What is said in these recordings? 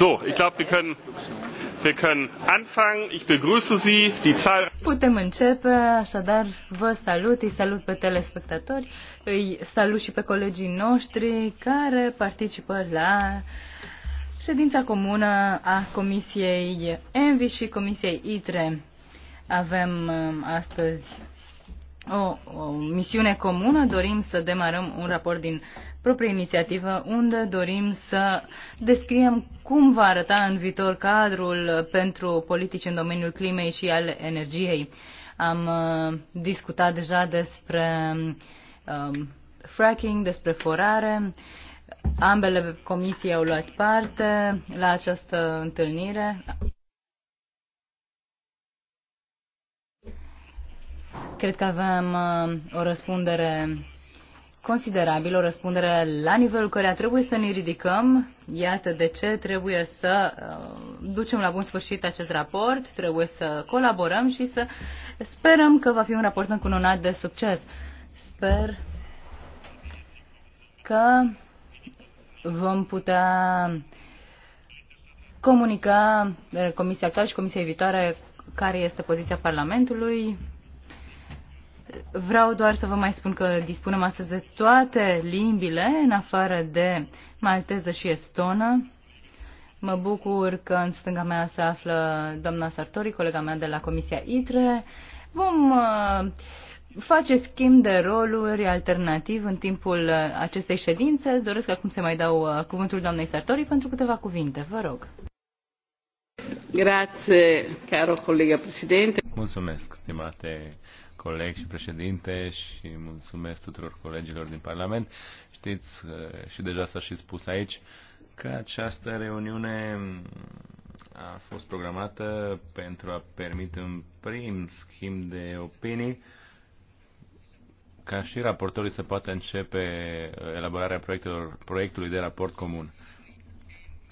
So, ich glaube, wir können, wir können anfangen. Ich begrüße Sie, die Zahl. Putem începe, așadar vă salut, îi salut pe telespectatori, îi salut și pe colegii noștri care participă la ședința comună a Comisiei Envi și Comisiei ITRE. Avem uh, astăzi o, o misiune comună, dorim să demarăm un raport din proprie inițiativă unde dorim să descriem cum va arăta în viitor cadrul pentru politici în domeniul climei și al energiei. Am uh, discutat deja despre uh, fracking, despre forare. Ambele comisii au luat parte la această întâlnire. Cred că avem uh, o răspundere considerabilă, o răspundere la nivelul căreia trebuie să ne ridicăm. Iată de ce trebuie să uh, ducem la bun sfârșit acest raport, trebuie să colaborăm și să sperăm că va fi un raport încununat de succes. Sper că vom putea comunica uh, Comisia actuală și comisia viitoare care este poziția Parlamentului Vreau doar să vă mai spun că dispunem astăzi de toate limbile, în afară de malteză și estonă. Mă bucur că în stânga mea se află doamna Sartori, colega mea de la Comisia ITRE. Vom uh, face schimb de roluri alternativ în timpul acestei ședințe. Doresc acum să mai dau uh, cuvântul doamnei Sartori pentru câteva cuvinte. Vă rog. Grazie, caro colega președinte. Mulțumesc, stimate coleg și președinte și mulțumesc tuturor colegilor din Parlament. Știți, uh, și deja s-a și spus aici, că această reuniune a fost programată pentru a permite un prim schimb de opinii ca și raportorii să poată începe uh, elaborarea proiectelor, proiectului de raport comun.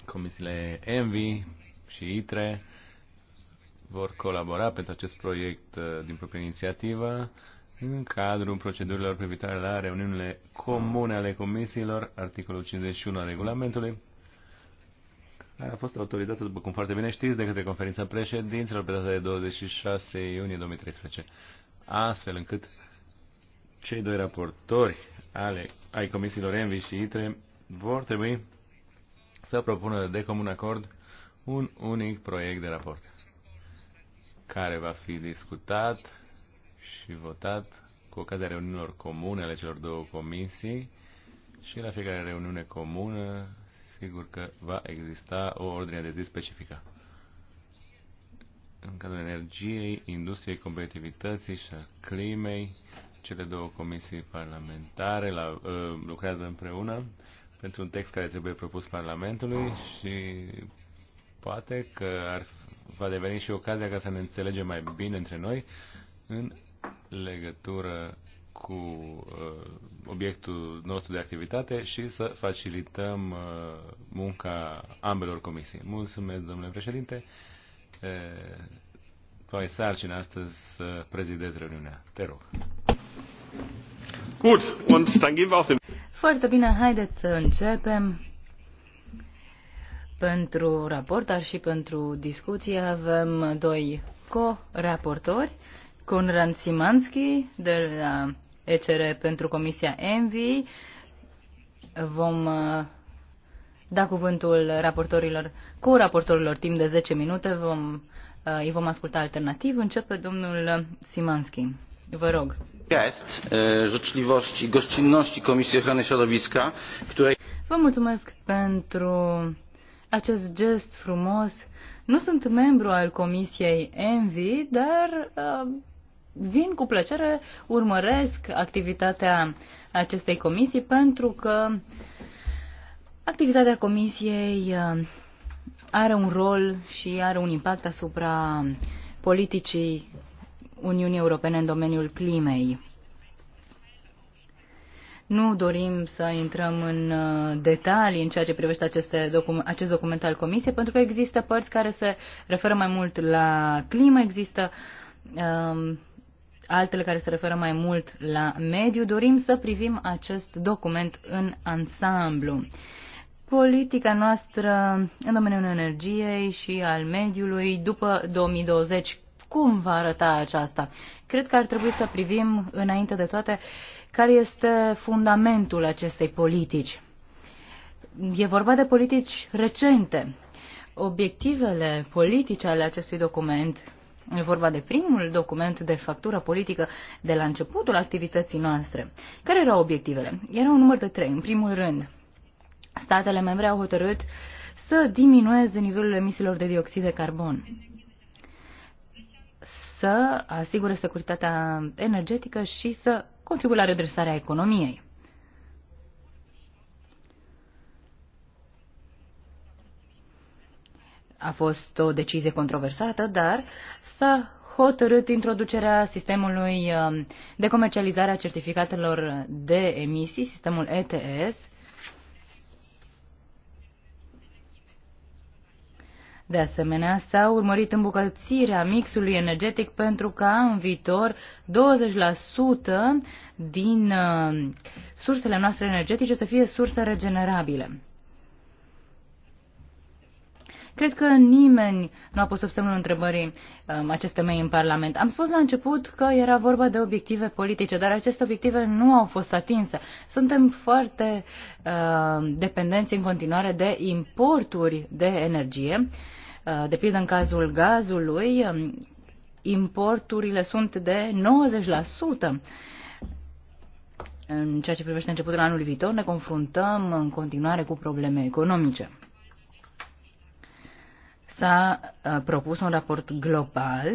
Comisiile ENVI și ITRE vor colabora pentru acest proiect uh, din proprie inițiativă în cadrul procedurilor privitoare la reuniunile comune ale comisiilor, articolul 51 al regulamentului, care a fost autorizată, după cum foarte bine știți, de către conferința președinților pe data de 26 iunie 2013, astfel încât cei doi raportori ale, ai comisiilor ENVI și ITRE vor trebui să propună de comun acord un unic proiect de raport care va fi discutat și votat cu ocazia reuniunilor comune ale celor două comisii și la fiecare reuniune comună sigur că va exista o ordine de zi specifică. În cadrul energiei, industriei, competitivității și a climei, cele două comisii parlamentare la, uh, lucrează împreună pentru un text care trebuie propus Parlamentului și poate că ar va deveni și ocazia ca să ne înțelegem mai bine între noi în legătură cu uh, obiectul nostru de activitate și să facilităm uh, munca ambelor comisii. Mulțumesc, domnule președinte. Tu ai sarcina astăzi să prezidezi reuniunea. Te rog. Gut, und dann gehen wir auf den... Foarte bine, haideți să începem pentru raport, dar și pentru discuție. Avem doi co-raportori, Conrad Simanski de la ECR pentru Comisia ENVI. Vom uh, da cuvântul raportorilor, cu raportorilor timp de 10 minute, vom, uh, îi vom asculta alternativ. Începe domnul Simanski. Vă rog. Uh, Vă mulțumesc pentru acest gest frumos. Nu sunt membru al Comisiei Envy, dar uh, vin cu plăcere, urmăresc activitatea acestei comisii pentru că activitatea comisiei uh, are un rol și are un impact asupra politicii Uniunii Europene în domeniul climei. Nu dorim să intrăm în uh, detalii în ceea ce privește aceste docu- acest document al Comisiei, pentru că există părți care se referă mai mult la climă, există um, altele care se referă mai mult la mediu. Dorim să privim acest document în ansamblu. Politica noastră în domeniul energiei și al mediului după 2020, cum va arăta aceasta? Cred că ar trebui să privim înainte de toate uh, care este fundamentul acestei politici. E vorba de politici recente. Obiectivele politice ale acestui document E vorba de primul document de factură politică de la începutul activității noastre. Care erau obiectivele? Era un număr de trei. În primul rând, statele membre au hotărât să diminueze nivelul emisiilor de dioxid de carbon, să asigure securitatea energetică și să contribuie la redresarea economiei. A fost o decizie controversată, dar s-a hotărât introducerea sistemului um, de comercializare a certificatelor de emisii, sistemul ETS, De asemenea, s-a urmărit îmbucățirea mixului energetic pentru ca în viitor 20% din uh, sursele noastre energetice să fie surse regenerabile. Cred că nimeni nu a pus sub semnul întrebării um, aceste mei în Parlament. Am spus la început că era vorba de obiective politice, dar aceste obiective nu au fost atinse. Suntem foarte uh, dependenți în continuare de importuri de energie. Uh, Uh, de pildă, în cazul gazului, um, importurile sunt de 90%. În ceea ce privește începutul anului viitor, ne confruntăm în continuare cu probleme economice. S-a uh, propus un raport global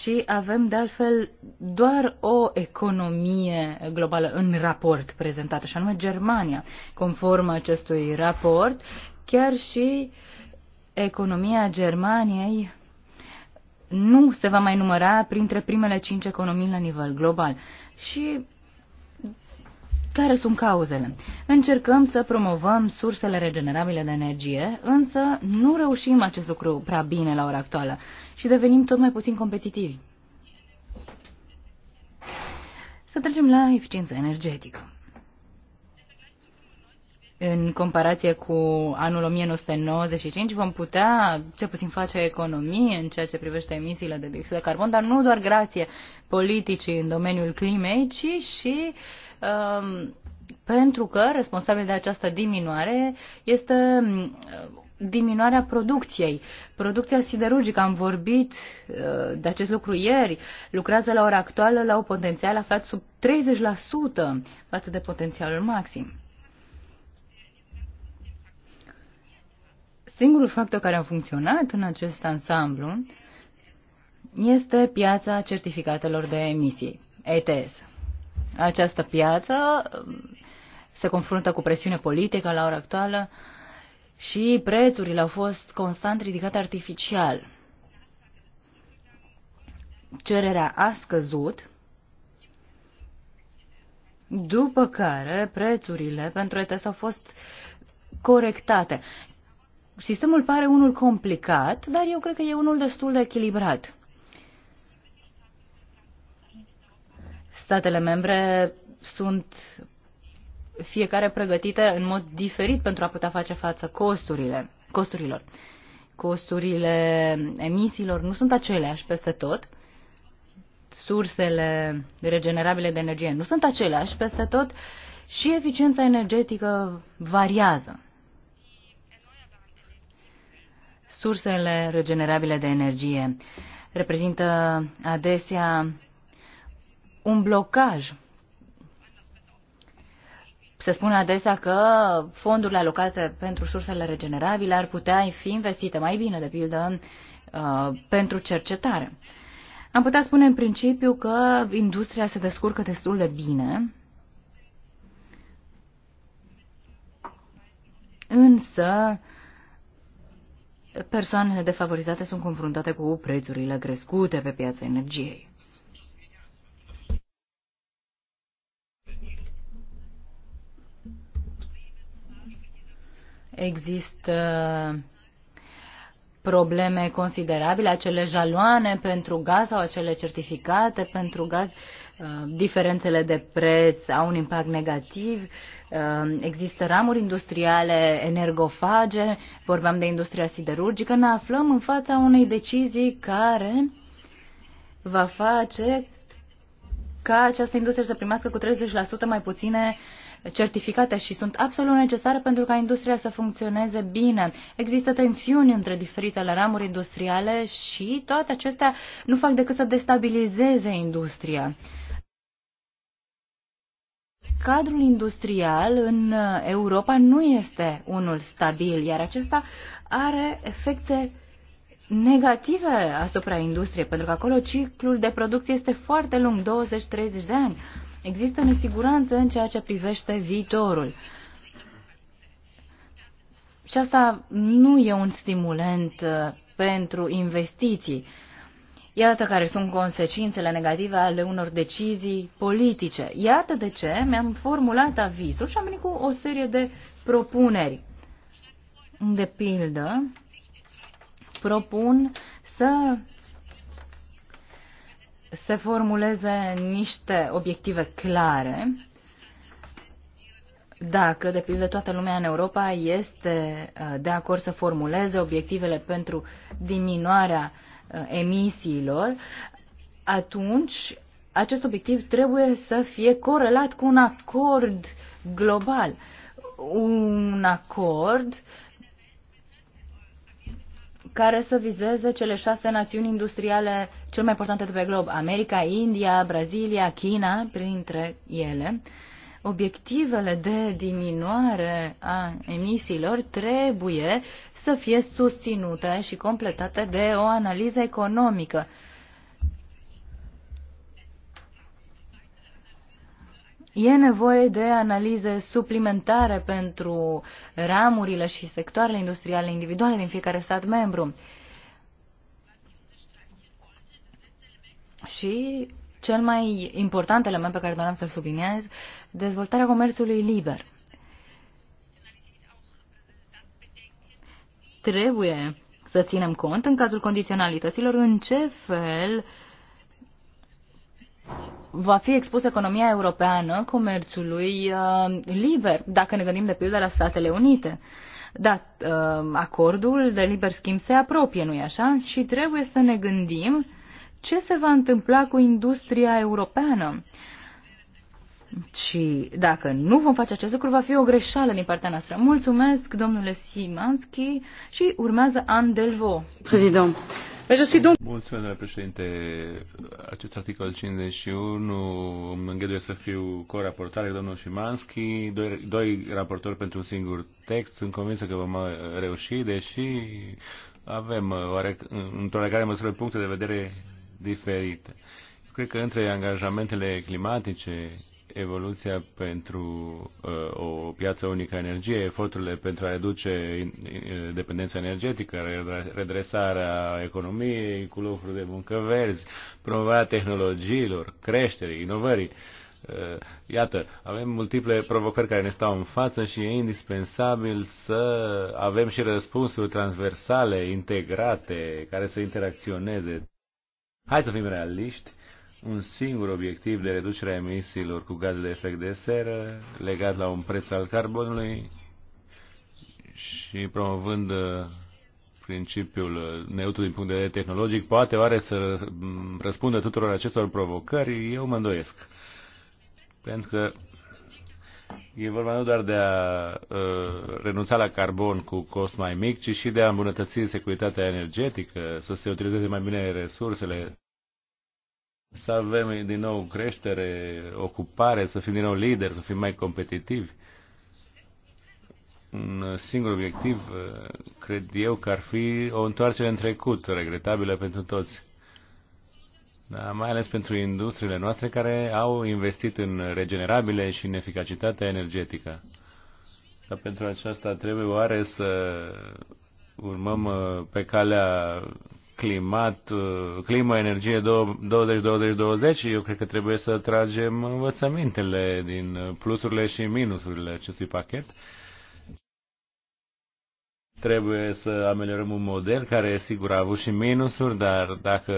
și avem, de altfel, doar o economie globală în raport prezentată, și anume Germania. Conform acestui raport, chiar și uh, economia Germaniei nu se va mai număra printre primele cinci economii la nivel global. Și care sunt cauzele? Încercăm să promovăm sursele regenerabile de energie, însă nu reușim acest lucru prea bine la ora actuală și devenim tot mai puțin competitivi. Să trecem la eficiența energetică în comparație cu anul 1995, vom putea ce puțin face economie în ceea ce privește emisiile de dioxid de carbon, dar nu doar grație politicii în domeniul climei, ci și um, pentru că responsabil de această diminuare este uh, diminuarea producției. Producția siderurgică, am vorbit uh, de acest lucru ieri, lucrează la ora actuală la un potențial aflat sub 30% față de potențialul maxim. Singurul factor care a funcționat în acest ansamblu este piața certificatelor de emisii, ETS. Această piață um, se confruntă cu presiune politică la ora actuală și prețurile au fost constant ridicate artificial. Cererea a scăzut, după care prețurile pentru ETS au fost corectate. Sistemul pare unul complicat, dar eu cred că e unul destul de echilibrat. Statele membre sunt fiecare pregătite în mod diferit pentru a putea face față costurile, costurilor. Costurile emisiilor nu sunt aceleași peste tot. Sursele regenerabile de energie nu sunt aceleași peste tot și eficiența energetică variază. Sursele regenerabile de energie reprezintă adesea un blocaj. Se spune adesea că fondurile alocate pentru sursele regenerabile ar putea fi investite mai bine, de pildă, uh, pentru cercetare. Am putea spune în principiu că industria se descurcă destul de bine, însă persoanele defavorizate sunt confruntate cu prețurile crescute pe piața energiei. Există probleme considerabile, acele jaloane pentru gaz sau acele certificate pentru gaz Uh, diferențele de preț au un impact negativ, uh, există ramuri industriale energofage, vorbeam de industria siderurgică, ne aflăm în fața unei decizii care va face ca această industrie să primească cu 30% mai puține certificate și sunt absolut necesare pentru ca industria să funcționeze bine. Există tensiuni între diferitele ramuri industriale și toate acestea nu fac decât să destabilizeze industria cadrul industrial în uh, Europa nu este unul stabil, iar acesta are efecte negative asupra industriei, pentru că acolo ciclul de producție este foarte lung, 20-30 de ani. Există nesiguranță în ceea ce privește viitorul. Și asta nu e un stimulant uh, pentru investiții. Iată care sunt consecințele negative ale unor decizii politice. Iată de ce mi-am formulat avizul și am venit cu o serie de propuneri. De pildă, propun să se formuleze niște obiective clare. Dacă, de pildă, toată lumea în Europa este uh, de acord să formuleze obiectivele pentru diminuarea uh, Uh, emisiilor, atunci acest obiectiv trebuie să fie corelat cu un acord global. Un acord care să vizeze cele șase națiuni industriale cel mai importante de pe glob, America, India, Brazilia, China, printre ele. Uh, obiectivele de diminuare a emisiilor trebuie să fie susținute și completate de o analiză economică. E nevoie de analize suplimentare pentru ramurile și sectoarele industriale individuale din fiecare stat membru. Și cel mai important element pe care doream să-l subliniez dezvoltarea comerțului liber. Trebuie să ținem cont, în cazul condiționalităților, în ce fel va fi expusă economia europeană comerțului uh, liber, dacă ne gândim de pildă la Statele Unite. Da, uh, acordul de liber schimb se apropie, nu-i așa? Și trebuie să ne gândim ce se va întâmpla cu industria europeană. Și dacă nu vom face acest lucru, va fi o greșeală din partea noastră. Mulțumesc, domnule Simanski, și urmează Anne Delvaux. Prezident. Păi Mulțumesc, domnule președinte. Acest articol 51 îmi îngăduie să fiu co-raportare domnul Șimanski, doi, doi raportori pentru un singur text. Sunt convins că vom uh, reuși, deși avem uh, oare, uh, într-o legare măsură puncte de vedere diferite. cred că între angajamentele climatice evoluția pentru uh, o piață unică a energiei, eforturile pentru a reduce dependența energetică, redresarea economiei cu locuri de muncă verzi, promovarea tehnologiilor, creșterii, inovării. Uh, iată, avem multiple provocări care ne stau în față și e indispensabil să avem și răspunsuri transversale, integrate, care să interacționeze. Hai să fim realiști un singur obiectiv de reducere a emisiilor cu gaze de efect de seră, legat la un preț al carbonului și promovând uh, principiul uh, neutru din punct de vedere tehnologic, poate oare să răspundă tuturor acestor provocări? Eu mă îndoiesc. Pentru că e vorba nu doar de a uh, renunța la carbon cu cost mai mic, ci și de a îmbunătăți securitatea energetică, să se utilizeze mai bine resursele să avem din nou creștere, ocupare, să fim din nou lideri, să fim mai competitivi. Un singur obiectiv, uh, cred eu, că ar fi o întoarcere în trecut, regretabilă pentru toți. Da, mai ales pentru industriile noastre care au investit în regenerabile și în eficacitatea energetică. Dar pentru aceasta trebuie oare să urmăm uh, pe calea climat, uh, climă, energie 20-20-20, eu cred că trebuie să tragem învățămintele din uh, plusurile și minusurile acestui pachet. Trebuie să ameliorăm un model care, sigur, a avut și minusuri, dar dacă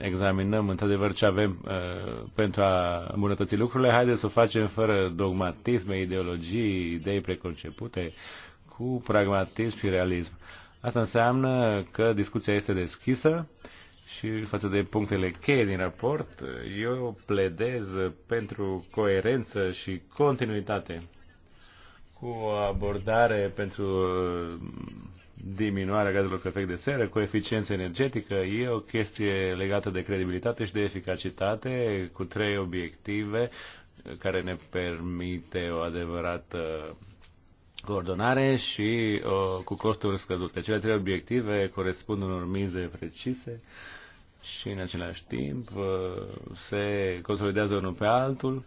examinăm într-adevăr ce avem uh, pentru a îmbunătăți lucrurile, haideți să o facem fără dogmatisme, ideologii, idei preconcepute, cu pragmatism și realism. Asta înseamnă că discuția este deschisă și față de punctele cheie din raport, eu pledez pentru coerență și continuitate cu o abordare pentru uh, diminuarea gazelor cu efect de seră, cu eficiență energetică, e o chestie legată de credibilitate și de eficacitate, cu trei obiective care ne permite o adevărată coordonare și uh, cu costuri scăzute. Cele trei obiective corespund unor mize precise și în același timp uh, se consolidează unul pe altul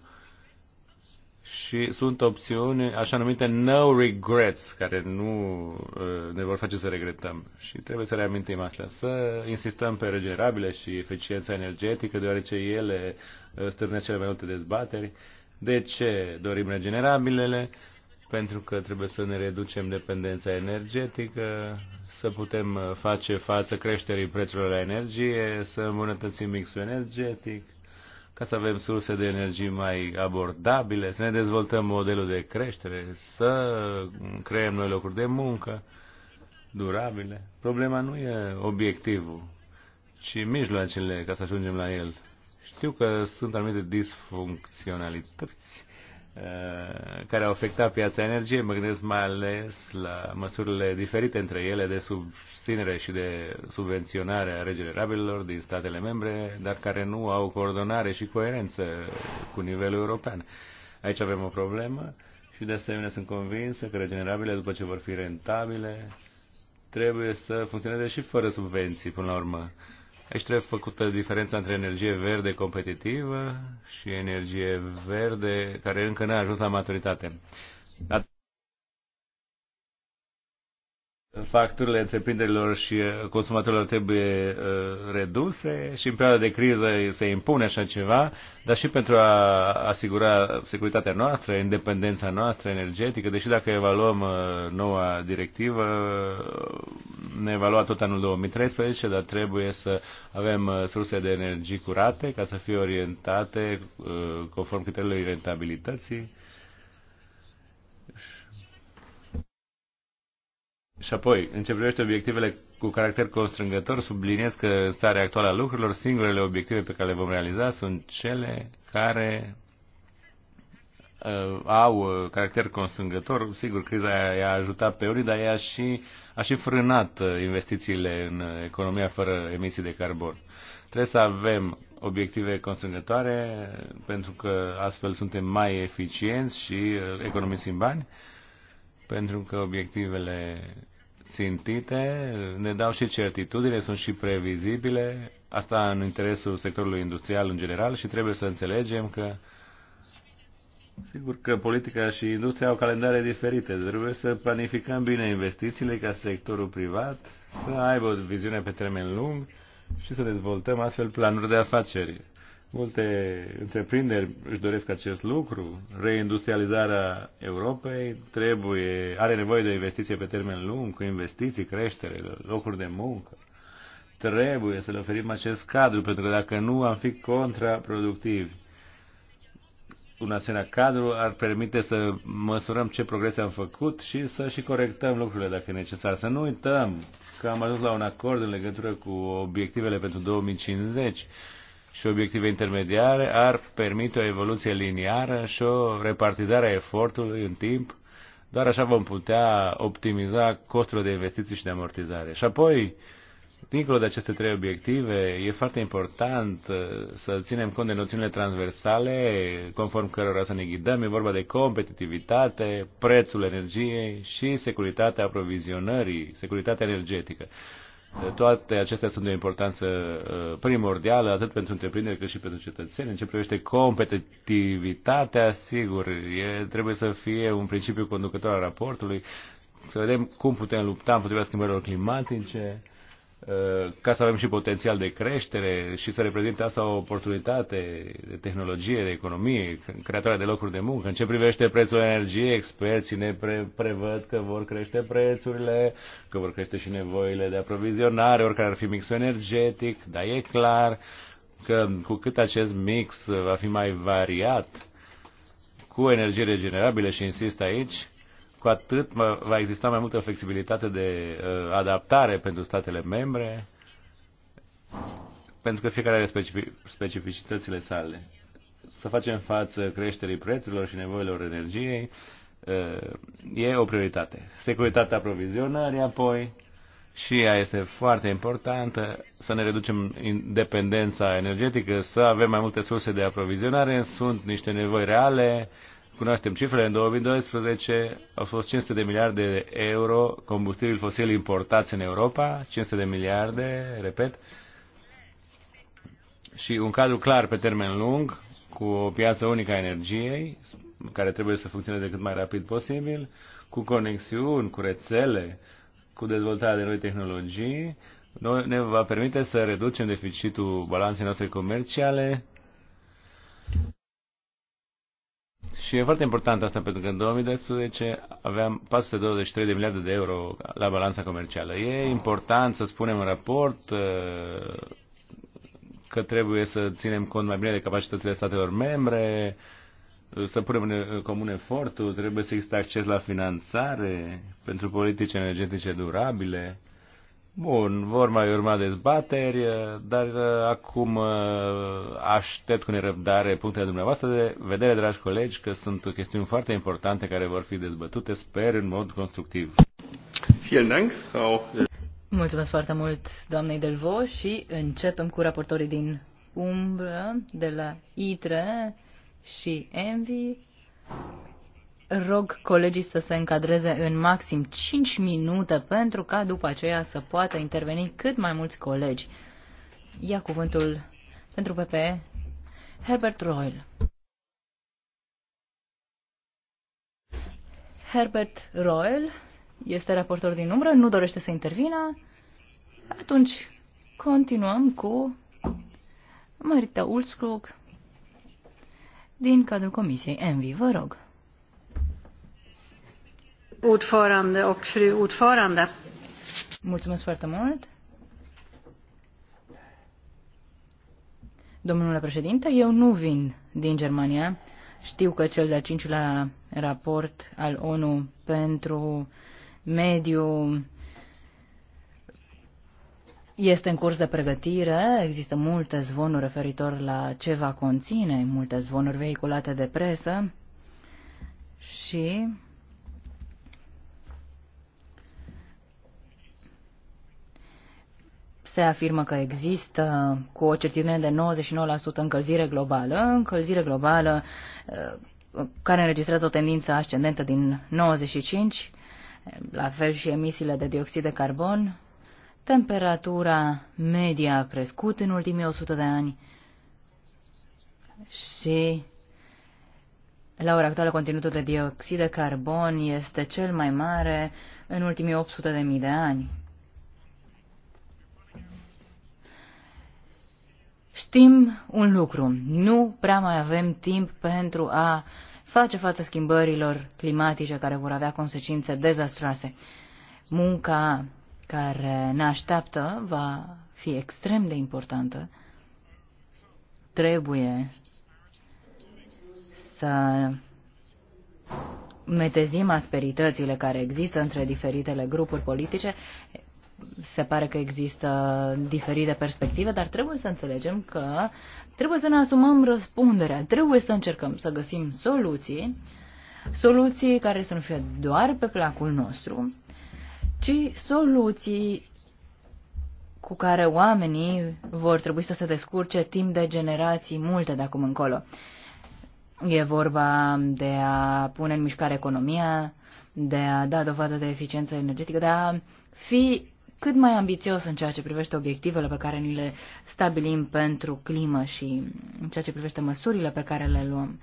și sunt opțiuni așa numite no regrets, care nu uh, ne vor face să regretăm. Și trebuie să reamintim asta, să insistăm pe regenerabile și eficiența energetică, deoarece ele uh, stârnesc cele mai multe dezbateri. De ce dorim regenerabilele? pentru că trebuie să ne reducem dependența energetică, să putem uh, face față creșterii prețurilor la energie, să îmbunătățim mixul energetic, ca să avem surse de energie mai abordabile, să ne dezvoltăm modelul de creștere, să creăm noi locuri de muncă durabile. Problema nu e obiectivul, ci mijloacele ca să ajungem la el. Știu că sunt anumite disfuncționalități Uh, care au afectat piața energiei, mă gândesc mai ales la măsurile diferite între ele de susținere și de subvenționare a regenerabililor din statele membre, dar care nu au coordonare și coerență cu nivelul european. Aici avem o problemă și de asemenea sunt convinsă că regenerabile, după ce vor fi rentabile, trebuie să funcționeze și fără subvenții până la urmă. Aici trebuie făcută diferența între energie verde competitivă și energie verde care încă n-a ajuns la maturitate. Dar facturile întreprinderilor și uh, consumatorilor trebuie uh, reduse și în perioada de criză se impune așa ceva, dar și pentru a asigura securitatea noastră, independența noastră energetică, deși dacă evaluăm uh, noua directivă, ne evalua tot anul 2013, dar trebuie să avem surse de energie curate ca să fie orientate conform criteriului rentabilității Și apoi, în ce privește obiectivele cu caracter constrângător, subliniez că în starea actuală a lucrurilor, singurele obiective pe care le vom realiza sunt cele care uh, au uh, caracter constrângător. Sigur, criza i-a ajutat pe unii, dar ea și, a și frânat uh, investițiile în uh, economia fără emisii de carbon. Trebuie să avem obiective constrângătoare pentru că astfel suntem mai eficienți și economisim bani pentru că obiectivele țintite, ne dau și certitudine, sunt și previzibile, asta în interesul sectorului industrial în general și trebuie să înțelegem că Sigur că politica și industria au calendare diferite. Trebuie să planificăm bine investițiile ca sectorul privat să aibă o viziune pe termen lung și să dezvoltăm astfel planuri de afaceri. Multe întreprinderi își doresc acest lucru. Reindustrializarea Europei trebuie, are nevoie de investiție pe termen lung, cu investiții, creștere, locuri de muncă. Trebuie să le oferim acest cadru, pentru că dacă nu am fi contraproductivi. Un asemenea cadru ar permite să măsurăm ce progrese am făcut și să și corectăm lucrurile dacă e necesar. Să nu uităm că am ajuns la un acord în legătură cu obiectivele pentru 2050 și obiective intermediare ar permite o evoluție liniară și o repartizare a efortului în timp. Doar așa vom putea optimiza costurile de investiții și de amortizare. Și apoi, dincolo de aceste trei obiective, e foarte important uh, să ținem cont de noțiunile transversale conform cărora să ne ghidăm. E vorba de competitivitate, prețul energiei și securitatea aprovizionării, securitatea energetică. Toate acestea sunt de o importanță uh, primordială, atât pentru întreprinderi cât și pentru cetățeni. În ce privește competitivitatea, sigur, e, trebuie să fie un principiu conducător al raportului, să vedem cum putem lupta împotriva schimbărilor climatice, Uh, ca să avem și potențial de creștere și să reprezinte asta o oportunitate de tehnologie, de economie, creatoare de locuri de muncă. În ce privește prețul energiei, experții ne pre- prevăd că vor crește prețurile, că vor crește și nevoile de aprovizionare, oricare ar fi mixul energetic, dar e clar că cu cât acest mix va fi mai variat cu energie regenerabile și insist aici, cu atât va exista mai multă flexibilitate de uh, adaptare pentru statele membre, pentru că fiecare are specific, specificitățile sale. Să facem față creșterii prețurilor și nevoilor energiei uh, e o prioritate. Securitatea aprovizionării apoi și ea este foarte importantă, să ne reducem independența energetică, să avem mai multe surse de aprovizionare, sunt niște nevoi reale, cunoaștem cifrele, în 2012 au fost 500 de miliarde de euro combustibili fosili importați în Europa, 500 de miliarde, repet, și un cadru clar pe termen lung, cu o piață unică a energiei, care trebuie să funcționeze cât mai rapid posibil, cu conexiuni, cu rețele, cu dezvoltarea de noi tehnologii, ne va permite să reducem deficitul balanței noastre comerciale Și e foarte important asta, pentru că în 2012 aveam 423 de miliarde de euro la balanța comercială. E important să spunem în raport uh, că trebuie să ținem cont mai bine de capacitățile statelor membre, să punem în comun efortul, trebuie să există acces la finanțare pentru politici energetice durabile Bun, vor mai urma dezbateri, eh, dar eh, acum eh, aștept cu nerăbdare punctele dumneavoastră de vedere, dragi colegi, că sunt chestiuni foarte importante care vor fi dezbătute, sper, în mod constructiv. Mulțumesc foarte mult, doamnei Delvo, și începem cu raportorii din umbră de la ITRE și ENVI rog colegii să se încadreze în maxim 5 minute pentru ca după aceea să poată interveni cât mai mulți colegi. Ia cuvântul pentru PPE, Herbert Royal. Herbert Royal este raportor din umbră, nu dorește să intervină. Atunci continuăm cu Marita Ulskog din cadrul Comisiei Envy. Vă rog ordförande och fru ordförande. Mulțumesc foarte mult. Domnule președinte, eu nu vin din Germania. Știu că cel de-al cincilea raport al ONU pentru mediu este în curs de pregătire, există multe zvonuri referitor la ce va conține, multe zvonuri vehiculate de presă și se afirmă că există cu o certitudine de 99% încălzire globală, încălzire globală eh, care înregistrează o tendință ascendentă din 95, eh, la fel și emisiile de dioxid de carbon, temperatura medie a crescut în ultimii 100 de ani și la ora actuală conținutul de dioxid de carbon este cel mai mare în ultimii 800 de mii de ani. Știm un lucru, nu prea mai avem timp pentru a face față schimbărilor climatice care vor avea consecințe dezastroase. Munca care ne așteaptă va fi extrem de importantă. Trebuie să netezim asperitățile care există între diferitele grupuri politice, se pare că există diferite perspective, dar trebuie să înțelegem că trebuie să ne asumăm răspunderea, trebuie să încercăm să găsim soluții, soluții care să nu fie doar pe placul nostru, ci soluții cu care oamenii vor trebui să se descurce timp de generații multe de acum încolo. E vorba de a pune în mișcare economia, de a da dovadă de eficiență energetică, de a fi cât mai ambițios în ceea ce privește obiectivele pe care ni le stabilim pentru climă și în ceea ce privește măsurile pe care le luăm.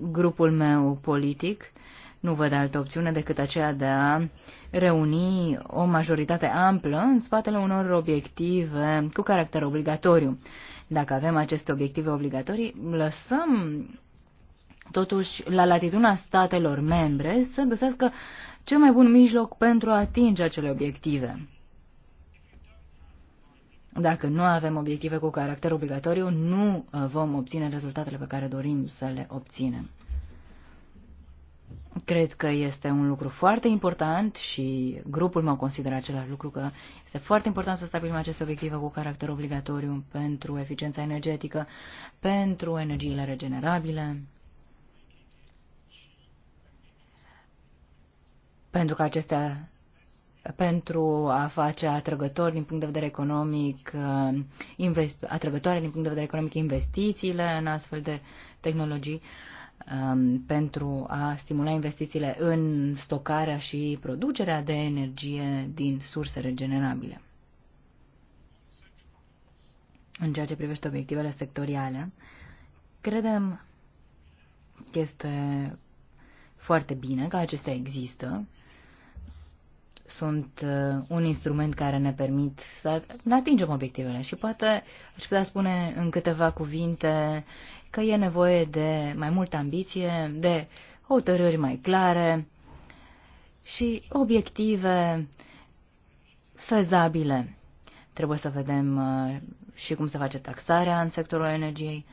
Grupul meu politic nu văd altă opțiune decât aceea de a reuni o majoritate amplă în spatele unor obiective cu caracter obligatoriu. Dacă avem aceste obiective obligatorii, lăsăm totuși la latitudinea statelor membre să găsească cel mai bun mijloc pentru a atinge acele obiective. Dacă nu avem obiective cu caracter obligatoriu, nu uh, vom obține rezultatele pe care dorim să le obținem. Cred că este un lucru foarte important și grupul meu consideră același lucru că este foarte important să stabilim aceste obiective cu caracter obligatoriu pentru eficiența energetică, pentru energiile regenerabile, pentru că acestea pentru a face atrăgători din punct de vedere economic, uh, invest, atrăgătoare din punct de vedere economic investițiile în astfel de tehnologii, um, pentru a stimula investițiile în stocarea și producerea de energie din surse regenerabile. În ceea ce privește obiectivele sectoriale, credem că este foarte bine că acestea există sunt uh, un instrument care ne permit să ne atingem obiectivele și poate aș putea spune în câteva cuvinte că e nevoie de mai multă ambiție, de hotărâri mai clare și obiective fezabile. Trebuie să vedem uh, și cum se face taxarea în sectorul energiei,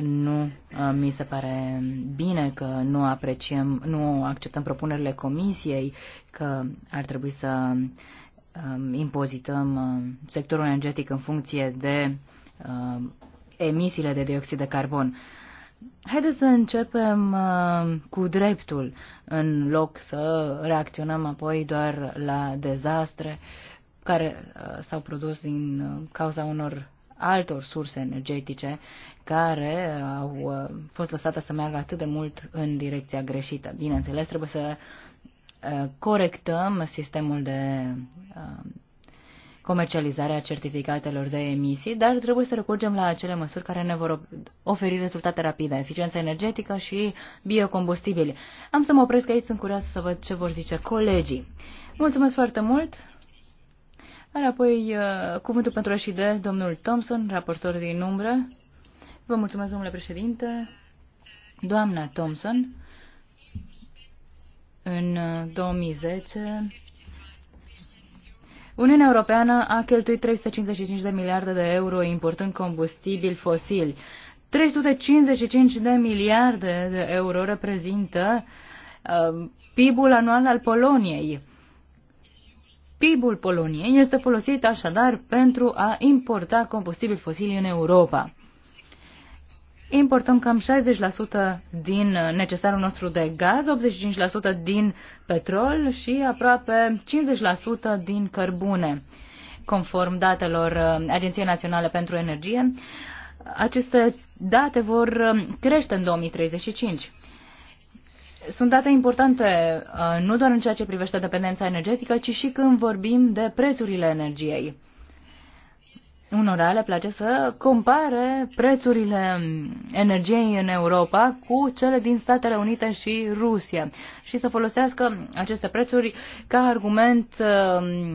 nu mi se pare bine că nu apreciem, nu acceptăm propunerile comisiei, că ar trebui să impozităm sectorul energetic în funcție de emisiile de dioxid de carbon. Haideți să începem cu dreptul, în loc să reacționăm apoi doar la dezastre care s-au produs din cauza unor altor surse energetice care uh, au uh, fost lăsate să meargă atât de mult în direcția greșită. Bineînțeles, trebuie să uh, corectăm sistemul de comercializare a certificatelor de emisii, dar trebuie să recurgem la acele măsuri care ne vor oferi rezultate rapide, eficiență energetică și biocombustibili. Am să mă opresc aici, sunt curioasă să văd ce vor zice colegii. Mulțumesc foarte mult! Are apoi uh, cuvântul pentru și de domnul Thompson, raportor din umbră. Vă mulțumesc, domnule președinte. Doamna Thompson, în 2010, uh, Uniunea Europeană a cheltuit 355 de miliarde de euro importând combustibili fosili. 355 de miliarde de euro reprezintă uh, PIB-ul anual al Poloniei. PIB-ul Poloniei este folosit așadar pentru a importa combustibil fosil în Europa. Importăm cam 60% din necesarul nostru de gaz, 85% din petrol și aproape 50% din cărbune. Conform datelor uh, Agenției Naționale pentru Energie, aceste date vor uh, crește în 2035. Sunt date importante uh, nu doar în ceea ce privește dependența energetică, ci și când vorbim de prețurile energiei. Unora le place să compare prețurile energiei în Europa cu cele din Statele Unite și Rusia și să folosească aceste prețuri ca argument uh,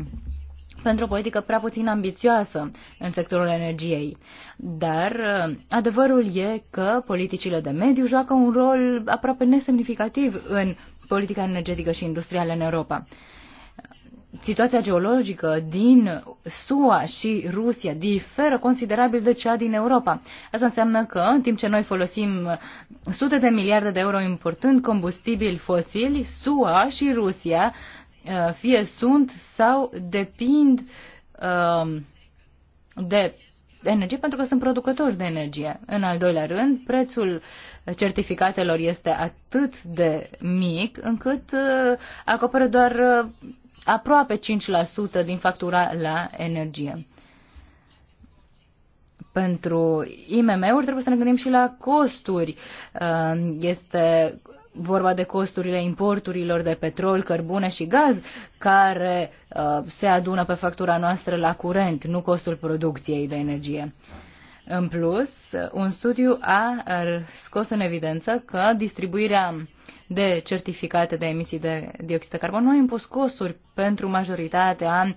pentru o politică prea puțin ambițioasă în sectorul energiei. Dar uh, adevărul e că politicile de mediu joacă un rol aproape nesemnificativ în politica energetică și industrială în Europa. Situația geologică din SUA și Rusia diferă considerabil de cea din Europa. Asta înseamnă că, în timp ce noi folosim sute de miliarde de euro importând combustibili fosili, SUA și Rusia Uh, fie sunt sau depind um, de energie pentru că sunt producători de energie. În al doilea rând, prețul certificatelor este atât de mic încât uh, acoperă doar uh, aproape 5% din factura la energie. Pentru IMM-uri trebuie să ne gândim și la costuri. Este vorba de costurile importurilor de petrol, cărbune și gaz care uh, se adună pe factura noastră la curent, nu costul producției de energie. În plus, un studiu a scos în evidență că distribuirea de certificate de emisii de dioxid de carbon, noi am pus costuri pentru majoritatea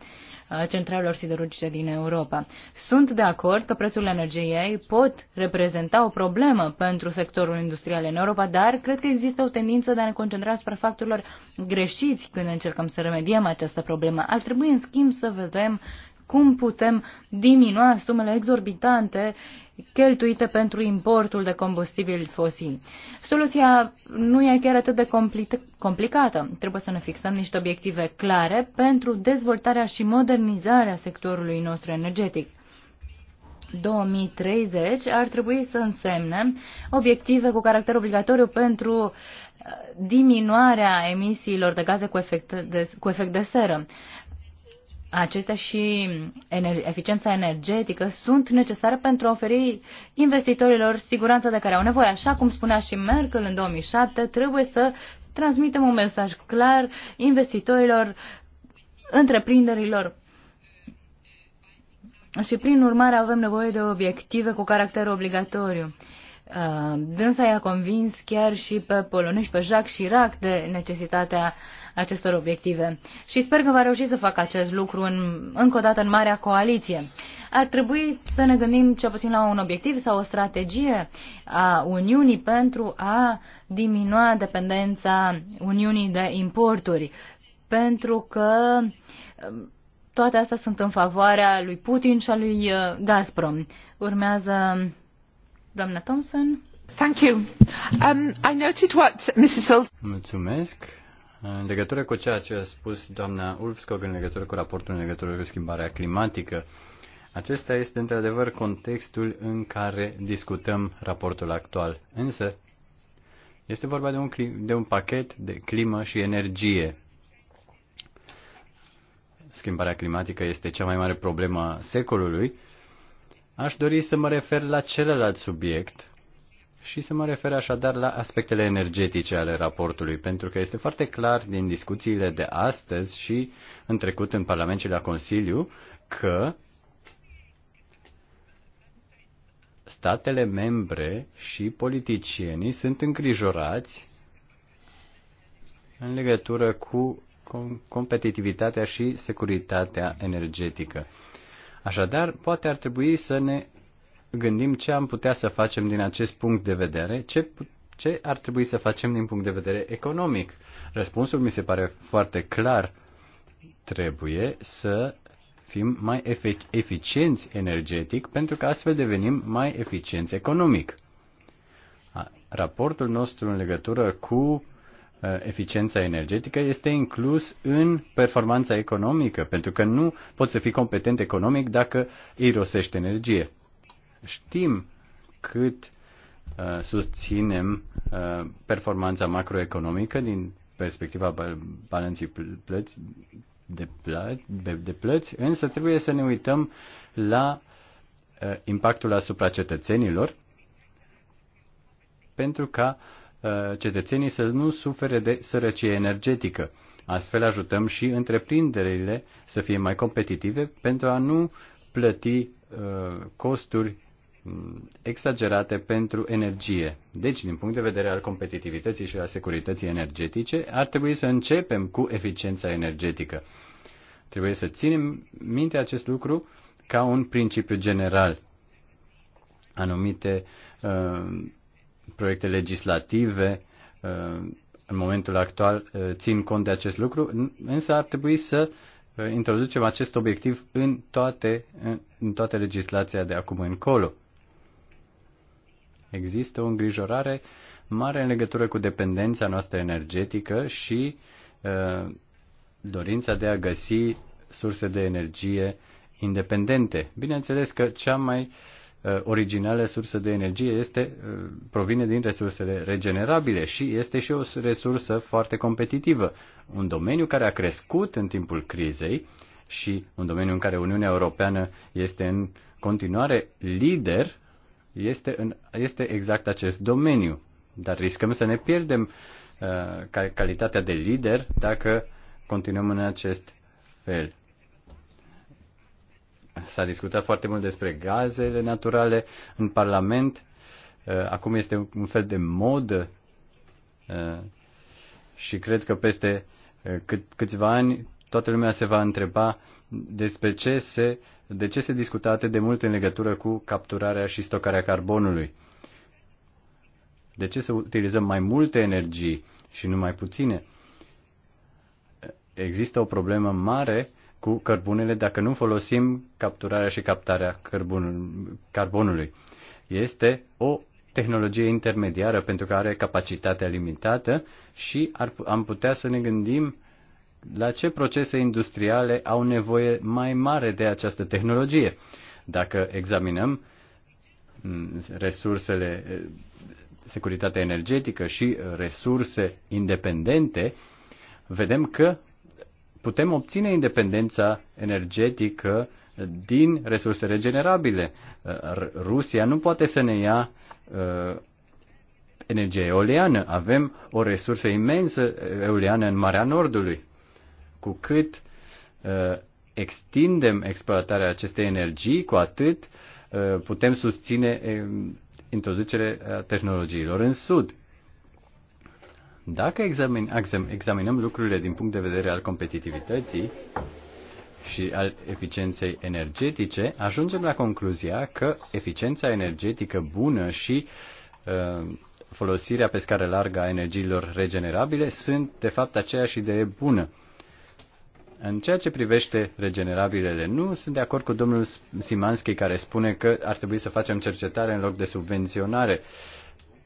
uh, centralelor siderurgice din Europa. Sunt de acord că prețul energiei pot reprezenta o problemă pentru sectorul industrial în Europa, dar cred că există o tendință de a ne concentra asupra factorilor greșiți când încercăm să remediem această problemă. Ar trebui, în schimb, să vedem cum putem diminua sumele exorbitante cheltuite pentru importul de combustibili fosili. Soluția nu e chiar atât de compli- complicată. Trebuie să ne fixăm niște obiective clare pentru dezvoltarea și modernizarea sectorului nostru energetic. 2030 ar trebui să însemne obiective cu caracter obligatoriu pentru eh, diminuarea emisiilor de gaze cu efect de, cu efect de seră acestea și ener- eficiența energetică sunt necesare pentru a oferi investitorilor siguranța de care au nevoie. Așa cum spunea și Merkel în 2007, trebuie să transmitem un mesaj clar investitorilor, întreprinderilor. Și prin urmare avem nevoie de obiective cu caracter obligatoriu. Uh, dânsa i-a convins chiar și pe polonești, pe Jacques Chirac, de necesitatea uh, acestor obiective. Și sper că va reuși să facă acest lucru în, încă o dată în Marea Coaliție. Ar trebui să ne gândim cel puțin la un obiectiv sau o strategie a Uniunii pentru a diminua dependența Uniunii de importuri. Pentru că um, toate astea sunt în favoarea lui Putin și a lui uh, Gazprom. Urmează doamna Thompson. Thank you. Um, I noted what Mrs. Mulțumesc. În legătură cu ceea ce a spus doamna Ulfskog în legătură cu raportul în legătură cu schimbarea climatică, acesta este într-adevăr contextul în care discutăm raportul actual. Însă, este vorba de un, de un pachet de climă și energie. Schimbarea climatică este cea mai mare problemă a secolului. Aș dori să mă refer la celălalt subiect și să mă refer așadar la aspectele energetice ale raportului, pentru că este foarte clar din discuțiile de astăzi și în trecut în Parlament și la Consiliu că statele membre și politicienii sunt îngrijorați în legătură cu competitivitatea și securitatea energetică. Așadar, poate ar trebui să ne gândim ce am putea să facem din acest punct de vedere, ce, ce ar trebui să facem din punct de vedere economic. Răspunsul mi se pare foarte clar. Trebuie să fim mai eficienți energetic pentru că astfel devenim mai eficienți economic. Raportul nostru în legătură cu uh, eficiența energetică este inclus în performanța economică, pentru că nu poți să fii competent economic dacă irosești energie. Știm cât uh, susținem uh, performanța macroeconomică din perspectiva balanței plăți, de, plăți, de, de plăți, însă trebuie să ne uităm la uh, impactul asupra cetățenilor pentru ca uh, cetățenii să nu sufere de sărăcie energetică. Astfel ajutăm și întreprinderile să fie mai competitive pentru a nu plăti uh, costuri Mm, exagerate pentru energie. Deci, din punct de vedere al competitivității și al securității energetice, ar trebui să începem cu eficiența energetică. Trebuie să ținem minte acest lucru ca un principiu general. Anumite uh, proiecte legislative uh, în momentul actual uh, țin cont de acest lucru, însă ar trebui să uh, introducem acest obiectiv în, toate, în, în toată legislația de acum încolo Există o îngrijorare mare în legătură cu dependența noastră energetică și uh, dorința de a găsi surse de energie independente. Bineînțeles că cea mai uh, originală sursă de energie este, uh, provine din resursele regenerabile și este și o resursă foarte competitivă. Un domeniu care a crescut în timpul crizei și un domeniu în care Uniunea Europeană este în continuare lider este, în, este exact acest domeniu. Dar riscăm să ne pierdem uh, calitatea de lider dacă continuăm în acest fel. S-a discutat foarte mult despre gazele naturale în Parlament. Uh, acum este un fel de modă uh, și cred că peste uh, cât, câțiva ani toată lumea se va întreba despre ce se de ce se discută atât de mult în legătură cu capturarea și stocarea carbonului? De ce să utilizăm mai multe energii și nu mai puține? Există o problemă mare cu cărbunele dacă nu folosim capturarea și captarea carbonului. Este o tehnologie intermediară pentru că are capacitatea limitată și ar, am putea să ne gândim la ce procese industriale au nevoie mai mare de această tehnologie. Dacă examinăm mm, resursele, eh, securitatea energetică și eh, resurse independente, vedem că putem obține independența energetică eh, din resurse regenerabile. Rusia nu poate să ne ia energie eoliană. Avem o resursă imensă eoliană în Marea Nordului. Cu cât uh, extindem exploatarea acestei energii, cu atât uh, putem susține uh, introducerea tehnologiilor în Sud. Dacă examin, exam, examinăm lucrurile din punct de vedere al competitivității și al eficienței energetice, ajungem la concluzia că eficiența energetică bună și uh, folosirea pe scară largă a energiilor regenerabile sunt, de fapt, aceeași idee bună. În ceea ce privește regenerabilele, nu sunt de acord cu domnul Simanski care spune că ar trebui să facem cercetare în loc de subvenționare.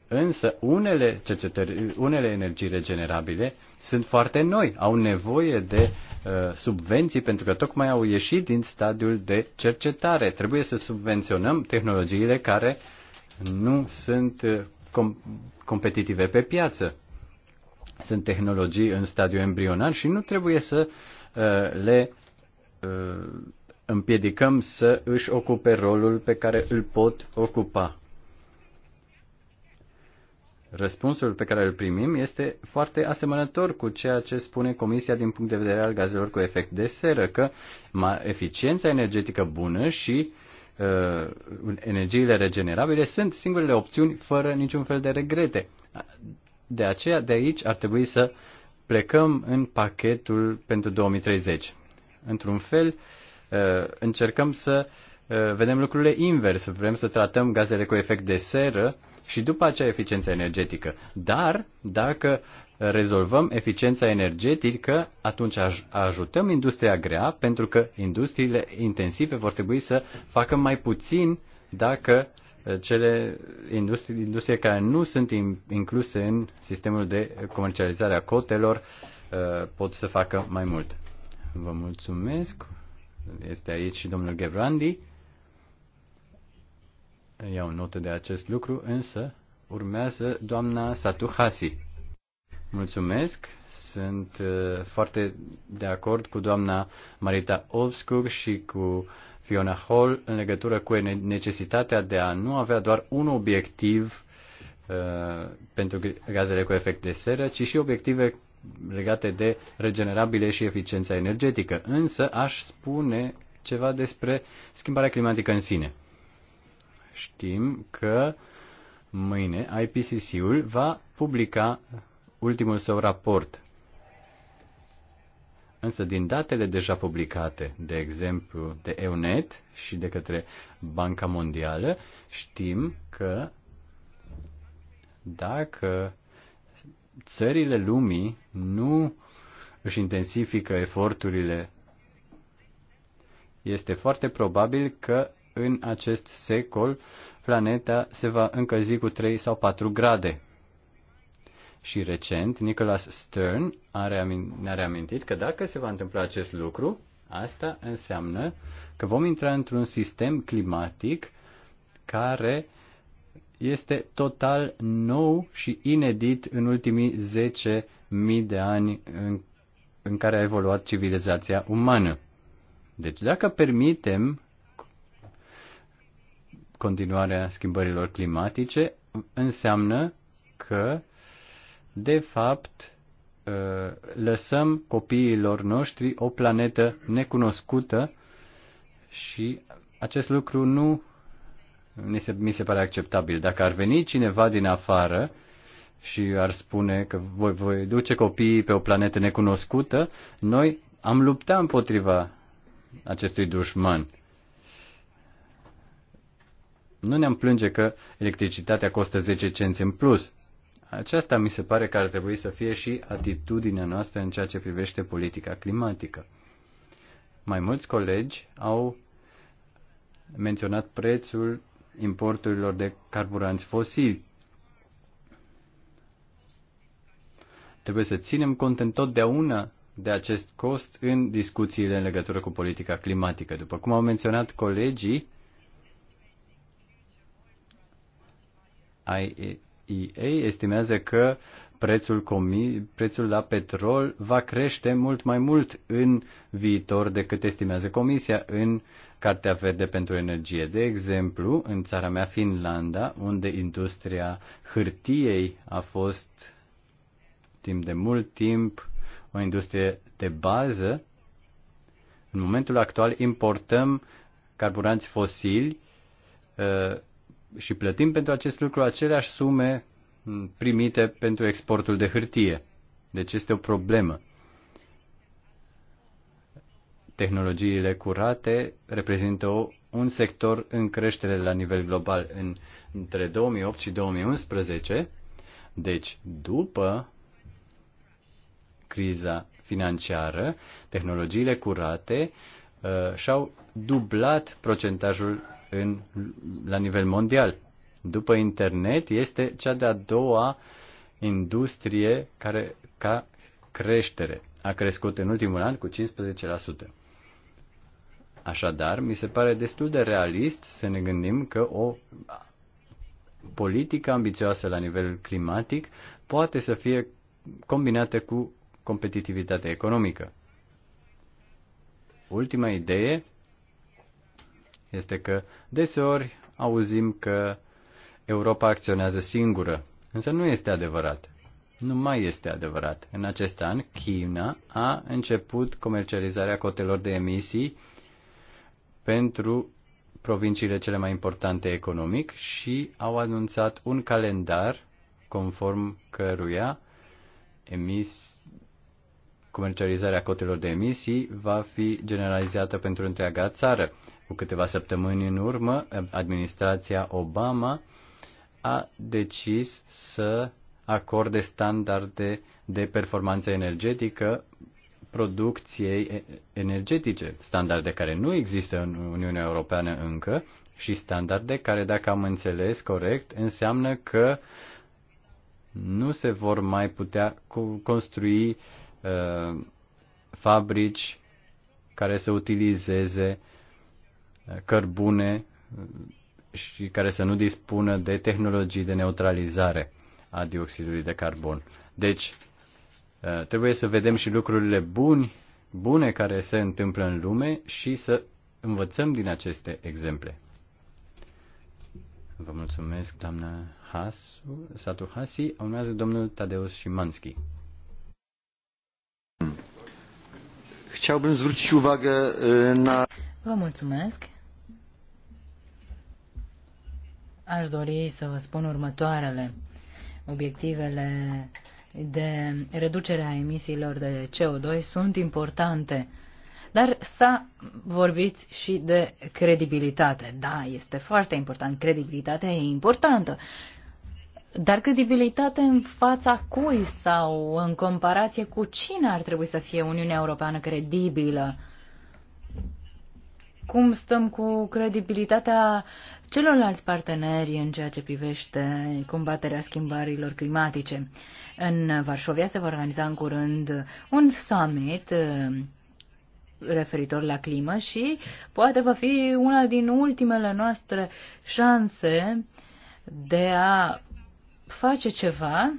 Însă unele, cercetări, unele energii regenerabile sunt foarte noi, au nevoie de uh, subvenții pentru că tocmai au ieșit din stadiul de cercetare. Trebuie să subvenționăm tehnologiile care nu sunt uh, com- competitive pe piață. Sunt tehnologii în stadiu embrionar și nu trebuie să uh, Uh, le uh, împiedicăm să își ocupe rolul pe care îl pot ocupa. Răspunsul pe care îl primim este foarte asemănător cu ceea ce spune Comisia din punct de vedere al gazelor cu efect de seră, că eficiența energetică bună și uh, energiile regenerabile sunt singurele opțiuni fără niciun fel de regrete. De aceea, de aici ar trebui să uh, plecăm în pachetul pentru 2030. Într-un fel, uh, încercăm să uh, vedem lucrurile invers. Vrem să tratăm gazele cu efect de seră și după aceea eficiența energetică. Dar, dacă rezolvăm eficiența energetică, atunci aj- ajutăm industria grea, pentru că industriile intensive vor trebui să facă mai puțin dacă uh, cele industrie, industrie care nu sunt incluse în sistemul de comercializare a cotelor uh, pot să facă mai mult. Vă mulțumesc. Este aici și domnul Gevrandi. Iau notă de acest lucru, însă urmează doamna Satuhasi. Mulțumesc. Sunt uh, foarte de acord cu doamna Marita Olskug și cu uh, Fiona Hall în legătură cu necesitatea de a nu avea doar un obiectiv uh, pentru gazele cu efect de seră, ci și obiective legate de regenerabile și eficiența energetică. Însă aș spune ceva despre schimbarea climatică în sine. Știm că mâine IPCC-ul va publica ultimul său raport Însă din datele deja publicate, de exemplu de EUNET și de către Banca Mondială, știm că dacă țările lumii nu își intensifică eforturile, este foarte probabil că în acest secol planeta se va încălzi cu 3 sau 4 grade. Și recent, Nicholas Stern a ne-a reamintit că dacă se va întâmpla acest lucru, asta înseamnă că vom intra într-un sistem climatic care este total nou și inedit în ultimii 10.000 de ani în, în care a evoluat civilizația umană. Deci dacă permitem continuarea schimbărilor climatice, înseamnă că, de fapt, Uh, lăsăm copiilor noștri o planetă necunoscută și acest lucru nu mi se, mi se pare acceptabil. Dacă ar veni cineva din afară și ar spune că voi, voi duce copiii pe o planetă necunoscută, noi am lupta împotriva acestui dușman. Nu ne-am plânge că electricitatea costă 10 cenți în plus. Aceasta mi se pare că ar trebui să fie și atitudinea noastră în ceea ce privește politica climatică. Mai mulți colegi au menționat prețul importurilor de carburanți fosili. Trebuie să ținem cont întotdeauna de acest cost în discuțiile în legătură cu politica climatică. După cum au menționat colegii, IEA estimează că prețul, comi, prețul la petrol va crește mult mai mult în viitor decât estimează Comisia în Cartea Verde pentru Energie. De exemplu, în țara mea, Finlanda, unde industria hârtiei a fost timp de mult timp o industrie de bază, în momentul actual importăm carburanți fosili uh, și plătim pentru acest lucru aceleași sume primite pentru exportul de hârtie. Deci este o problemă. Tehnologiile curate reprezintă un sector în creștere la nivel global în, între 2008 și 2011, deci după criza financiară, tehnologiile curate uh, și-au dublat procentajul în, la nivel mondial. După internet este cea de-a doua industrie care ca creștere a crescut în ultimul an cu 15%. Așadar, mi se pare destul de realist să ne gândim că o politică ambițioasă la nivel climatic poate să fie combinată cu competitivitatea economică. Ultima idee este că deseori auzim că Europa acționează singură, însă nu este adevărat. Nu mai este adevărat. În acest an, China a început comercializarea cotelor de emisii pentru provinciile cele mai importante economic și au anunțat un calendar conform căruia emis, comercializarea cotelor de emisii va fi generalizată pentru întreaga țară. Cu câteva săptămâni în urmă, administrația Obama a decis să acorde standarde de performanță energetică producției energetice, standarde care nu există în Uniunea Europeană încă și standarde care, dacă am înțeles corect, înseamnă că nu se vor mai putea construi uh, fabrici care să utilizeze uh, bune și care să nu dispună de tehnologii de neutralizare a dioxidului de carbon. Deci, ă, trebuie să vedem și lucrurile buni, bune care se întâmplă în lume și să învățăm din aceste exemple. Vă mulțumesc, doamna Hasu, Satu Hasi. Urmează domnul Tadeus Szymanski. na... Vă mulțumesc. Aș dori să vă spun următoarele. Obiectivele de reducere a emisiilor de CO2 sunt importante, dar s-a vorbit și de credibilitate. Da, este foarte important. Credibilitatea e importantă. Dar credibilitate în fața cui sau în comparație cu cine ar trebui să fie Uniunea Europeană credibilă? Cum stăm cu credibilitatea celorlalți parteneri în ceea ce privește combaterea schimbărilor climatice. În Varșovia se va organiza în curând un summit uh, referitor la climă și poate va fi una din ultimele noastre șanse de a face ceva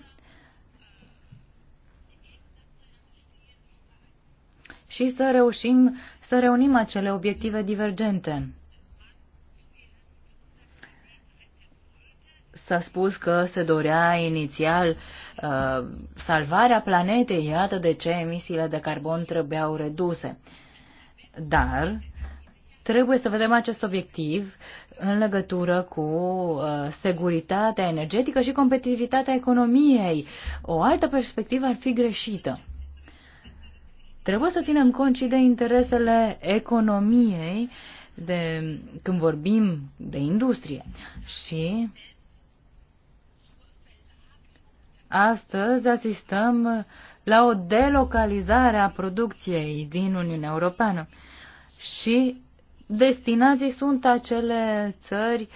și să reușim să reunim acele obiective divergente. S-a spus că se dorea inițial uh, salvarea planetei, iată de ce emisiile de carbon trebuiau reduse. Dar trebuie să vedem acest obiectiv în legătură cu uh, securitatea energetică și competitivitatea economiei. O altă perspectivă ar fi greșită. Trebuie să ținem cont și de interesele economiei de, când vorbim de industrie. Și Astăzi asistăm la o delocalizare a producției din Uniunea Europeană și destinații sunt acele țări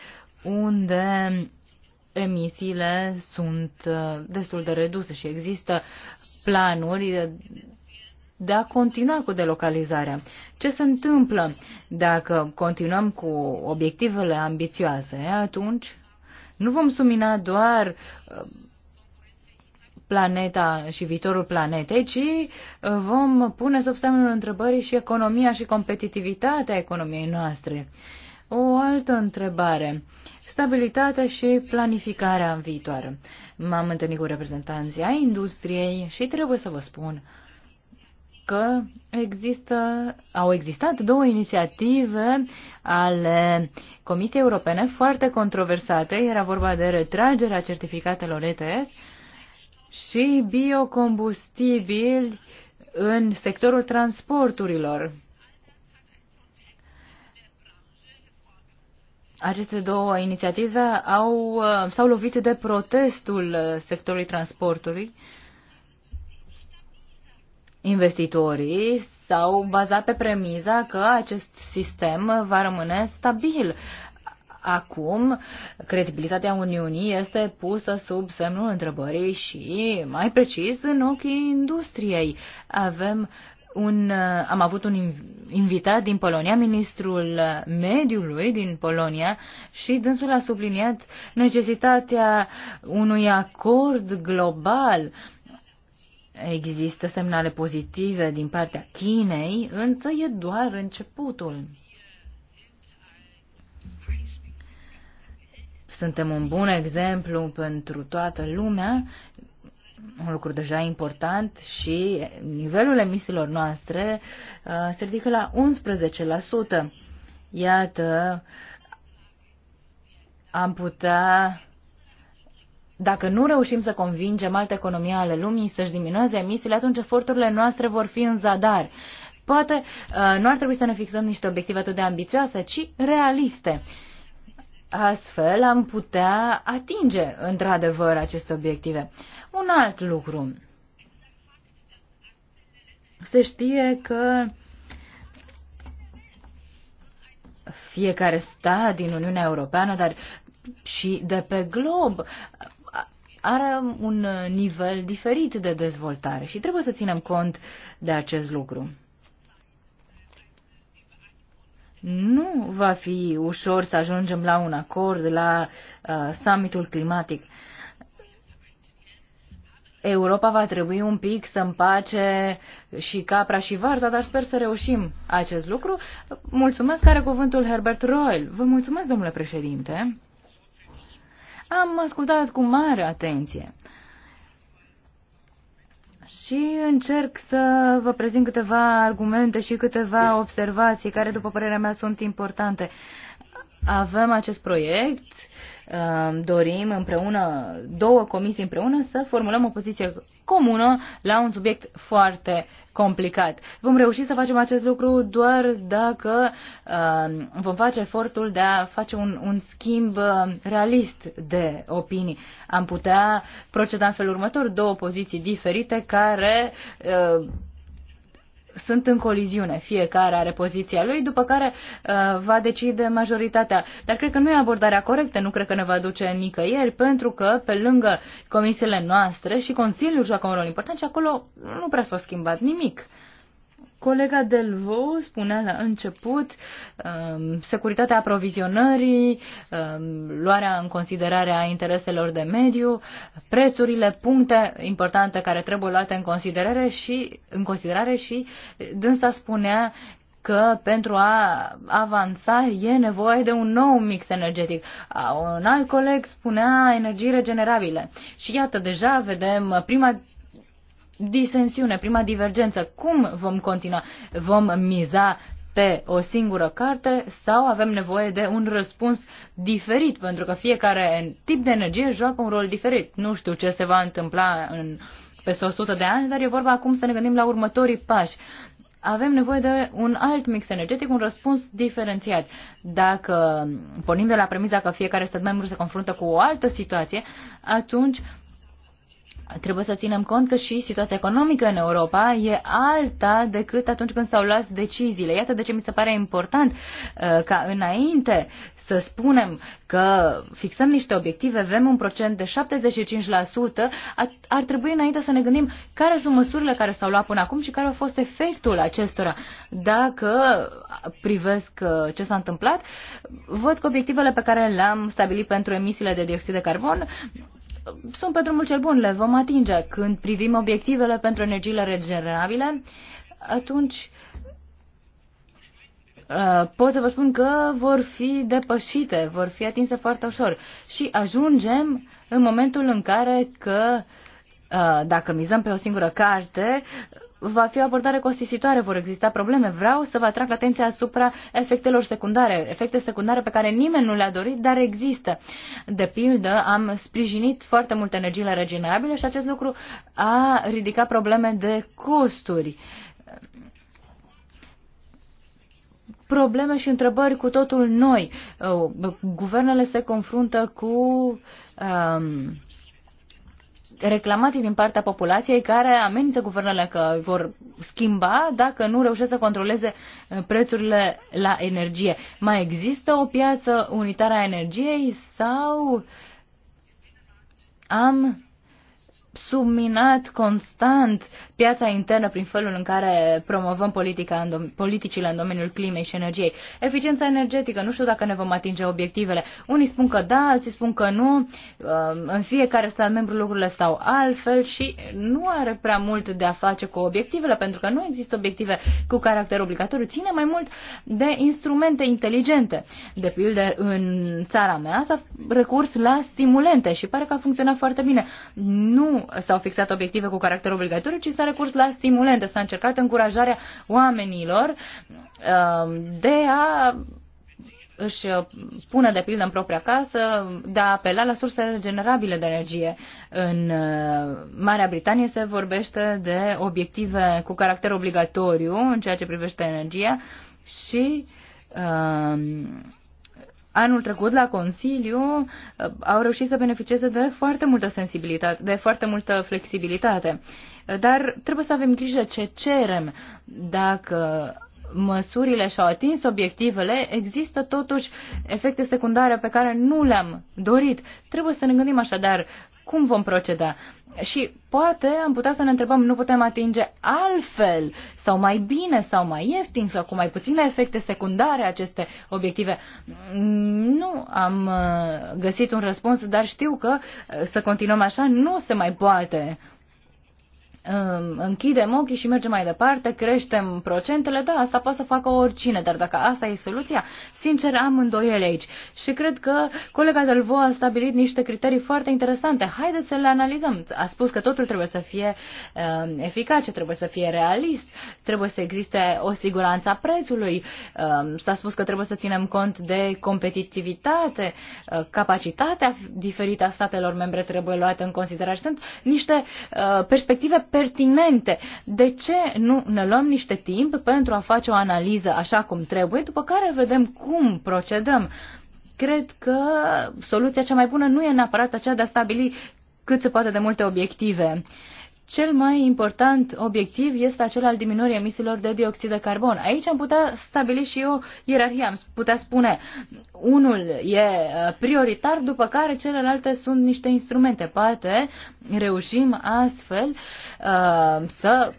unde emisiile sunt uh, destul de reduse și există planuri de a continua cu delocalizarea. Ce se întâmplă dacă continuăm cu obiectivele ambițioase? Atunci nu vom sumina doar uh, planeta și viitorul planetei, ci uh, vom pune sub semnul întrebării și economia și competitivitatea economiei noastre. O altă întrebare. Stabilitatea și planificarea în viitoare. M-am întâlnit cu reprezentanții a industriei și trebuie să vă spun că există, au existat două inițiative ale Comisiei Europene foarte controversate. Era vorba de retragerea certificatelor ETS și biocombustibili în sectorul transporturilor. Aceste două inițiative au, uh, s-au lovit de protestul uh, sectorului transportului. Investitorii s-au bazat pe premiza că acest sistem va rămâne stabil acum credibilitatea Uniunii este pusă sub semnul întrebării și, mai precis, în ochii industriei. Avem un, am avut un invitat din Polonia, ministrul mediului din Polonia, și dânsul a subliniat necesitatea unui acord global. Există semnale pozitive din partea Chinei, însă e doar începutul. Suntem un bun exemplu pentru toată lumea, un lucru deja important și nivelul emisiilor noastre uh, se ridică la 11%. Iată, am putea dacă nu reușim să convingem alte economii ale lumii să-și diminueze emisiile, atunci eforturile noastre vor fi în zadar. Poate uh, nu ar trebui să ne fixăm niște obiective atât de ambițioase, ci realiste. Astfel am putea atinge într-adevăr aceste obiective. Un alt lucru. Se știe că fiecare stat din Uniunea Europeană, dar și de pe glob, are un nivel diferit de dezvoltare și trebuie să ținem cont de acest lucru nu va fi ușor să ajungem la un acord la uh, summitul climatic. Europa va trebui un pic să împace și capra și varza, dar sper să reușim acest lucru. Mulțumesc, care cuvântul Herbert Royal. Vă mulțumesc, domnule președinte. Am ascultat cu mare atenție. Uh, și încerc să vă prezint câteva argumente și câteva observații care, după părerea mea, sunt importante. Avem acest proiect Ehm, dorim împreună, două comisii împreună, să formulăm o poziție comună la un subiect foarte complicat. Vom reuși să facem acest lucru doar dacă uh, vom face efortul de a face un, un schimb uh, realist de opinii. Am putea proceda în felul următor, două poziții diferite care uh, sunt în coliziune. Fiecare are poziția lui, după care uh, va decide majoritatea. Dar cred că nu e abordarea corectă, nu cred că ne va duce nicăieri, pentru că pe lângă comisiile noastre și Consiliul joacă un rol important și acolo nu prea s-a schimbat nimic. Colega Delvo spunea la început um, securitatea aprovizionării, um, luarea în considerare a intereselor de mediu, prețurile, puncte importante care trebuie luate în considerare și, în considerare și dânsa spunea că pentru a avansa e nevoie de un nou mix energetic. Un alt coleg spunea energii regenerabile. Și iată, deja vedem prima disensiune, prima divergență. Cum vom continua? Vom miza pe o singură carte sau avem nevoie de un răspuns diferit, pentru că fiecare tip de energie joacă un rol diferit. Nu știu ce se va întâmpla în peste 100 de ani, dar e vorba acum să ne gândim la următorii pași. Avem nevoie de un alt mix energetic, un răspuns diferențiat. Dacă pornim de la premiza că fiecare stat membru se confruntă cu o altă situație, atunci Trebuie să ținem cont că și situația economică în Europa e alta decât atunci când s-au luat deciziile. Iată de ce mi se pare important uh, ca înainte să spunem că fixăm niște obiective, avem un procent de 75%, ar trebui înainte să ne gândim care sunt măsurile care s-au luat până acum și care a fost efectul acestora. Dacă privesc uh, ce s-a întâmplat, văd că obiectivele pe care le-am stabilit pentru emisiile de dioxid de carbon sunt pe drumul cel bun, le vom atinge. Când privim obiectivele pentru energiile regenerabile, atunci uh, pot să vă spun că vor fi depășite, vor fi atinse foarte ușor. Și ajungem în momentul în care că uh, Uh, dacă mizăm pe o singură carte, va fi o abordare costisitoare, vor exista probleme. Vreau să vă atrag atenția asupra efectelor secundare, efecte secundare pe care nimeni nu le-a dorit, dar există. De pildă, am sprijinit foarte mult energiile regenerabile și acest lucru a ridicat probleme de costuri probleme și întrebări cu totul noi. Uh, guvernele se confruntă cu um, reclamații din partea populației care amenință guvernele că vor schimba dacă nu reușesc să controleze uh, prețurile la energie. Mai există o piață unitară a energiei sau am subminat constant piața internă prin felul în care promovăm politica în dom- politicile în domeniul climei și energiei. Eficiența energetică, nu știu dacă ne vom atinge obiectivele. Unii spun că da, alții spun că nu. Uh, în fiecare stat membru lucrurile stau altfel și nu are prea mult de a face cu obiectivele, pentru că nu există obiective cu caracter obligatoriu. Ține mai mult de instrumente inteligente. De pildă, în țara mea s-a recurs la stimulente și pare că a funcționat foarte bine. Nu s-au fixat obiective cu caracter obligatoriu, ci s-a recurs la stimulente, s-a încercat încurajarea oamenilor uh, de a își pune de pildă în propria casă, de a apela la surse regenerabile de energie. În uh, Marea Britanie se vorbește de obiective cu caracter obligatoriu în ceea ce privește energia și uh, anul trecut la Consiliu uh, au reușit să beneficieze de foarte multă sensibilitate, de foarte multă flexibilitate. Uh, dar trebuie să avem grijă ce cerem. Dacă măsurile și-au atins obiectivele, există totuși efecte secundare pe care nu le-am dorit. Trebuie să ne gândim așadar cum vom proceda. Și poate am putea să ne întrebăm, nu putem atinge altfel sau mai bine sau mai ieftin sau cu mai puține efecte secundare aceste obiective. Nu am uh, găsit un răspuns, dar știu că uh, să continuăm așa nu se mai poate. Um, închidem ochii și mergem mai departe, creștem procentele, da, asta poate să facă oricine, dar dacă asta e soluția, sincer am îndoiele aici. Și cred că colega Delvo a stabilit niște criterii foarte interesante. Haideți să le analizăm. A spus că totul trebuie să fie uh, eficace, trebuie să fie realist, trebuie să existe o siguranță a prețului, uh, s-a spus că trebuie să ținem cont de competitivitate, uh, capacitatea diferită a statelor membre trebuie luată în considerare. Sunt niște uh, perspective pertinente. De ce nu ne luăm niște timp pentru a face o analiză așa cum trebuie, după care vedem cum procedăm? Cred că soluția cea mai bună nu e neapărat aceea de a stabili cât se poate de multe obiective cel mai important obiectiv este acela al diminuării emisiilor de dioxid de carbon. Aici am putea stabili și eu ierarhia, am putea spune unul e uh, prioritar, după care celelalte sunt niște instrumente. Poate reușim astfel uh, să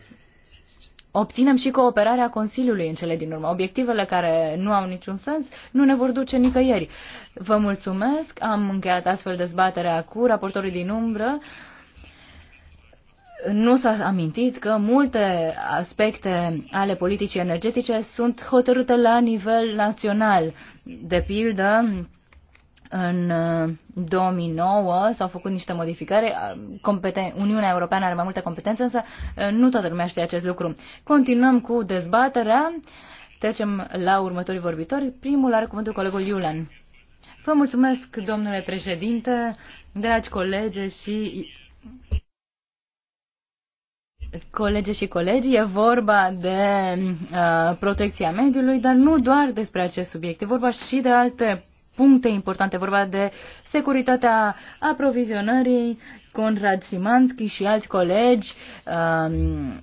obținem și cooperarea Consiliului în cele din urmă. Obiectivele care nu au niciun sens nu ne vor duce nicăieri. Vă mulțumesc, am încheiat astfel dezbaterea cu raportorii din umbră nu s-a amintit că multe aspecte ale politicii energetice sunt hotărâte la nivel național. De pildă, în 2009 uh, s-au făcut niște modificări. Uh, competen- Uniunea Europeană are mai multe competențe, însă uh, nu toată lumea știe acest lucru. Continuăm cu dezbaterea. Trecem la următorii vorbitori. Primul are cuvântul colegul Iulian. Vă mulțumesc, domnule președinte, dragi colegi și colege și colegi, e vorba de uh, protecția mediului, dar nu doar despre acest subiect, e vorba și de alte puncte importante, e vorba de securitatea aprovizionării, Conrad Simanski și alți colegi um,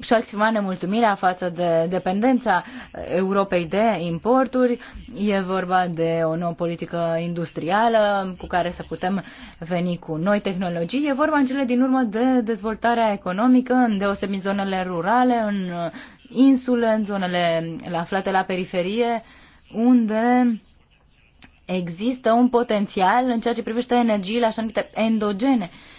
și-au exprimat nemulțumirea față de dependența Europei de importuri. E vorba de o nouă politică industrială cu care să putem veni cu noi tehnologii. E vorba în cele din urmă de dezvoltarea economică, în deosebi zonele rurale, în insule, în zonele aflate la periferie, unde există un potențial în ceea ce privește energiile așa numite endogene. Uh,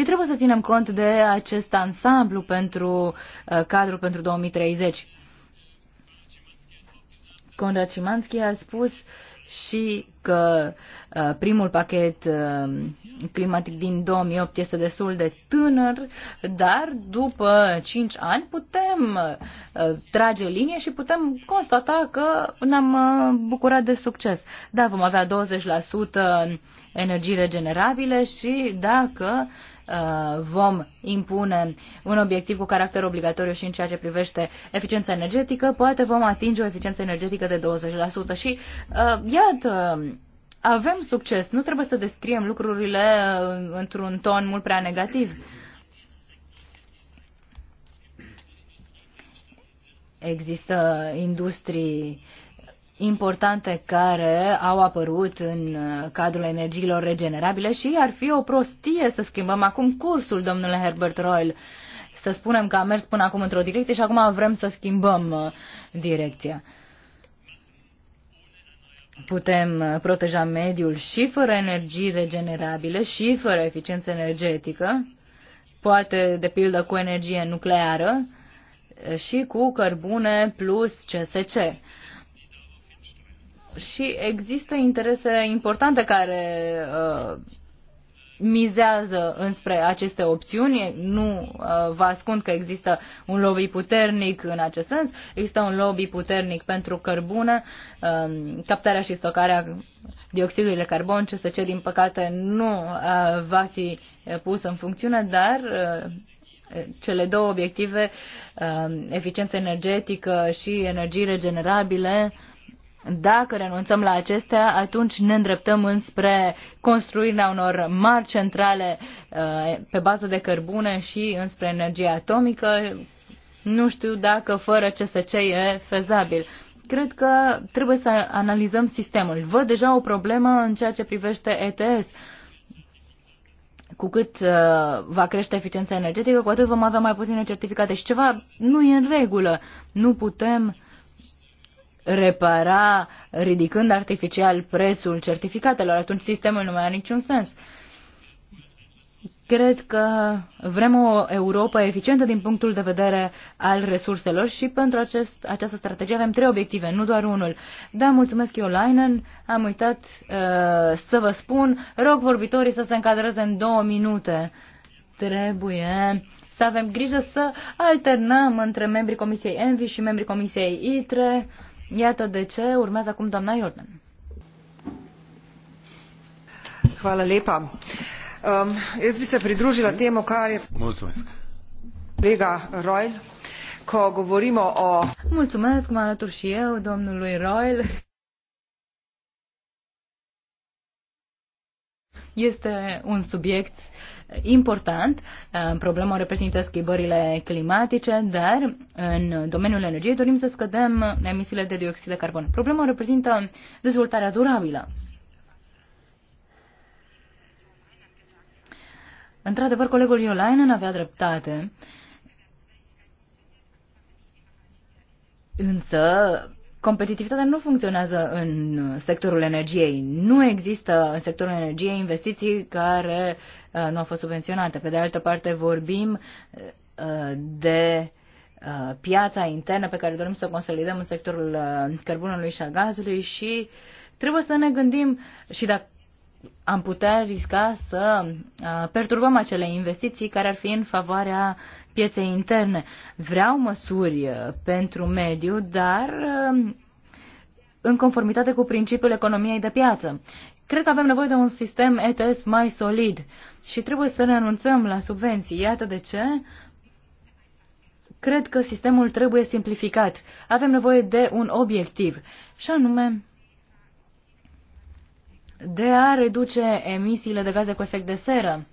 Și trebuie să ținem cont de acest ansamblu pentru uh, cadrul pentru 2030. Conrad Cimanski a spus și că uh, primul pachet uh, climatic din 2008 este destul de tânăr, dar după 5 ani putem uh, trage linie și putem constata că ne-am uh, bucurat de succes. Da, vom avea 20% energii regenerabile și dacă Uh, vom impune un obiectiv cu caracter obligatoriu și în ceea ce privește eficiența energetică, poate vom atinge o eficiență energetică de 20%. Și uh, iată, avem succes. Nu trebuie să descriem lucrurile uh, într-un ton mult prea negativ. Există industrii uh, importante care au apărut în uh, cadrul energiilor regenerabile și ar fi o prostie să schimbăm acum cursul, domnule Herbert Royal. Să spunem că a mers până acum într-o direcție și acum vrem să schimbăm uh, direcția. Putem uh, proteja mediul și fără energii regenerabile și fără eficiență energetică, poate de pildă cu energie nucleară și cu cărbune plus CSC și există interese importante care uh, mizează înspre aceste opțiuni. Nu uh, vă ascund că există un lobby puternic în acest sens. Există un lobby puternic pentru cărbune, uh, captarea și stocarea dioxidului de carbon, ce ce, din păcate, nu uh, va fi pus în funcțiune, dar uh, cele două obiective, um, eficiență energetică și energii regenerabile, dacă renunțăm la acestea, atunci ne îndreptăm înspre construirea unor mari centrale uh, pe bază de cărbune și înspre energie atomică. Nu știu dacă fără CSC e fezabil. Cred că trebuie să analizăm sistemul. Văd deja o problemă în ceea ce privește ETS cu cât uh, va crește eficiența energetică, cu atât vom avea mai puține certificate și ceva nu e în regulă. Nu putem repara ridicând artificial prețul certificatelor, atunci sistemul nu mai are niciun sens. Cred că vrem o Europa eficientă din punctul de vedere al resurselor și pentru acest, această strategie avem trei obiective, nu doar unul. Da, mulțumesc eu, Leinen, am uitat uh, să vă spun, rog vorbitorii să se încadreze în două minute. Trebuie să avem grijă să alternăm între membrii Comisiei Envi și membrii Comisiei ITRE. Uh, Iată de ce urmează acum doamna Jordan. Hvala lepa. Um, jaz bi se pridružila temu, kar je Mulțumesc. Lega Royal, ko govorimo o... Mulțumesc, mă alătur și eu, domnului Royal. Este un subiect uh, important. Problema reprezintă schimbările climatice, dar în domeniul energiei dorim să scădem emisiile de dioxid de carbon. Problema reprezintă dezvoltarea durabilă. Într-adevăr, colegul Iolainen avea dreptate, însă competitivitatea nu funcționează în sectorul energiei. Nu există în sectorul energiei investiții care Uh, nu au fost subvenționate. Pe de altă parte, vorbim uh, de uh, piața internă pe care dorim să o consolidăm în sectorul cărbunului și al gazului și trebuie să ne gândim și dacă am putea risca să perturbăm acele investiții care ar fi în favoarea pieței interne. Vreau măsuri pentru mediu, dar în conformitate cu principiul economiei de piață. Cred că avem nevoie de un sistem ETS mai solid și trebuie să ne anunțăm la subvenții. Iată de ce cred că sistemul trebuie simplificat. Avem nevoie de un obiectiv și anume de a reduce emisiile de gaze cu efect de seră.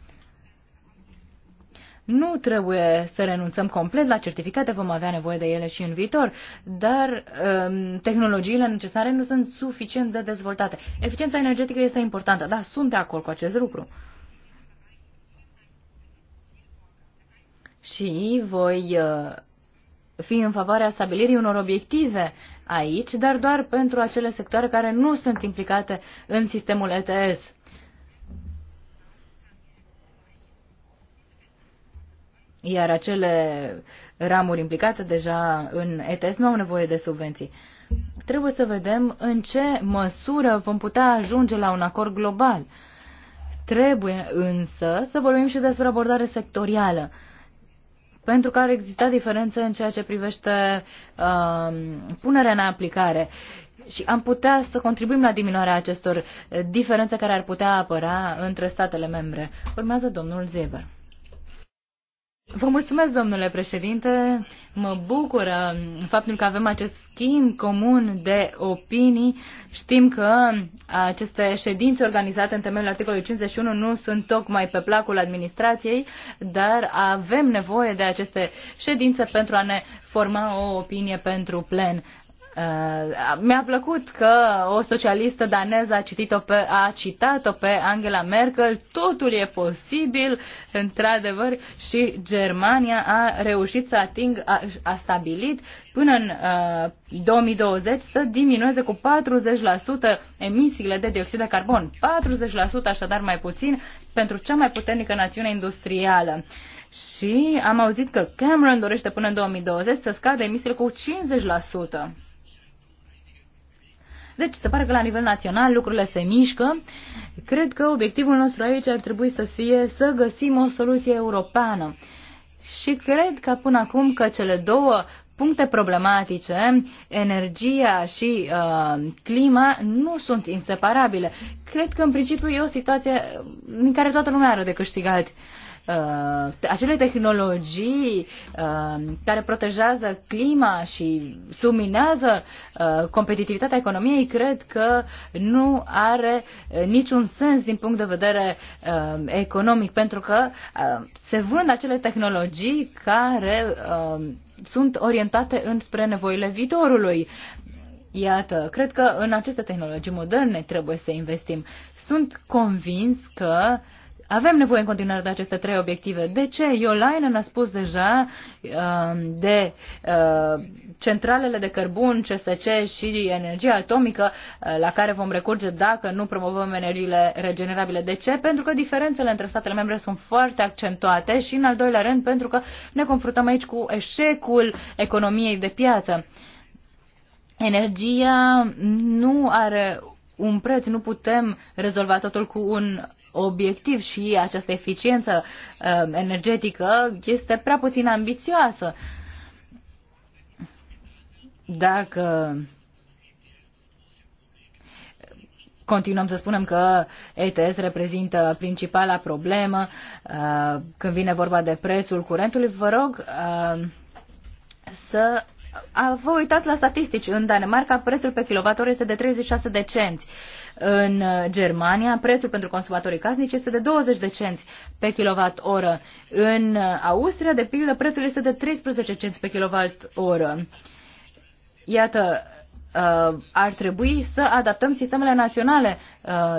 Nu trebuie să renunțăm complet la certificate, vom avea nevoie de ele și în viitor, dar um, tehnologiile necesare nu sunt suficient de dezvoltate. Eficiența energetică este importantă, da, sunt de acord cu acest lucru. Și voi uh, fi în favoarea stabilirii unor obiective aici, dar doar pentru acele sectoare care nu sunt implicate în sistemul ETS. Iar acele ramuri implicate deja în ETS nu au nevoie de subvenții. Trebuie să vedem în ce măsură vom putea ajunge la un acord global. Trebuie însă să vorbim și despre abordare sectorială, pentru că ar exista diferențe în ceea ce privește uh, punerea în aplicare și am putea să contribuim la diminuarea acestor diferențe care ar putea apăra între statele membre. Urmează domnul Zeber. Vă mulțumesc, domnule președinte. Mă bucură faptul că avem acest schimb comun de opinii. Știm că aceste ședințe organizate în temeiul articolului 51 nu sunt tocmai pe placul administrației, dar avem nevoie de aceste ședințe pentru a ne forma o opinie pentru plen. Uh, mi-a plăcut că o socialistă daneză a, citit-o pe, a citat-o pe Angela Merkel. Totul e posibil, într-adevăr, și Germania a reușit să ating, a, a stabilit până în a, uh, 2020 să diminueze cu 40% emisiile de dioxid de carbon. 40% așadar mai puțin pentru cea mai puternică națiune industrială. Și am auzit că Cameron dorește până în 2020 să scadă emisiile cu 50%. Deci se pare că la nivel național lucrurile se mișcă. Cred că obiectivul nostru aici ar trebui să fie să găsim o soluție europeană. Și cred că până acum că cele două puncte problematice, energia și uh, clima, nu sunt inseparabile. Cred că în principiu e o situație în care toată lumea are de câștigat. Uh, uh, acele tehnologii uh, care protejează clima și subminează uh, competitivitatea economiei, cred că nu are uh, niciun sens din punct de vedere uh, economic, pentru că uh, se vând acele tehnologii care uh, sunt orientate înspre nevoile viitorului. Iată, cred că în aceste tehnologii moderne trebuie să investim. Sunt convins că uh, avem nevoie în continuare de aceste trei obiective. De ce? Iolainen a spus deja um, de uh, centralele de cărbun, CSC și energia atomică uh, la care vom recurge dacă nu promovăm energiile regenerabile. De ce? Pentru că diferențele între statele membre sunt foarte accentuate și, în al doilea rând, pentru că ne confruntăm aici cu eșecul economiei de piață. Energia nu are un preț, nu putem rezolva totul cu un obiectiv și această eficiență uh, energetică este prea puțin ambițioasă. Dacă continuăm să spunem că ETS reprezintă principala problemă uh, când vine vorba de prețul curentului, vă rog uh, să a, uh, vă uitați la statistici. În Danemarca prețul pe kilowattor este de 36 de cenți. Uh, în uh, Germania, prețul pentru consumatorii casnici este de 20 de cenți pe kWh. În uh, Austria, de pildă, prețul este de 13 cenți pe kWh. Iată, uh, ar trebui să adaptăm sistemele naționale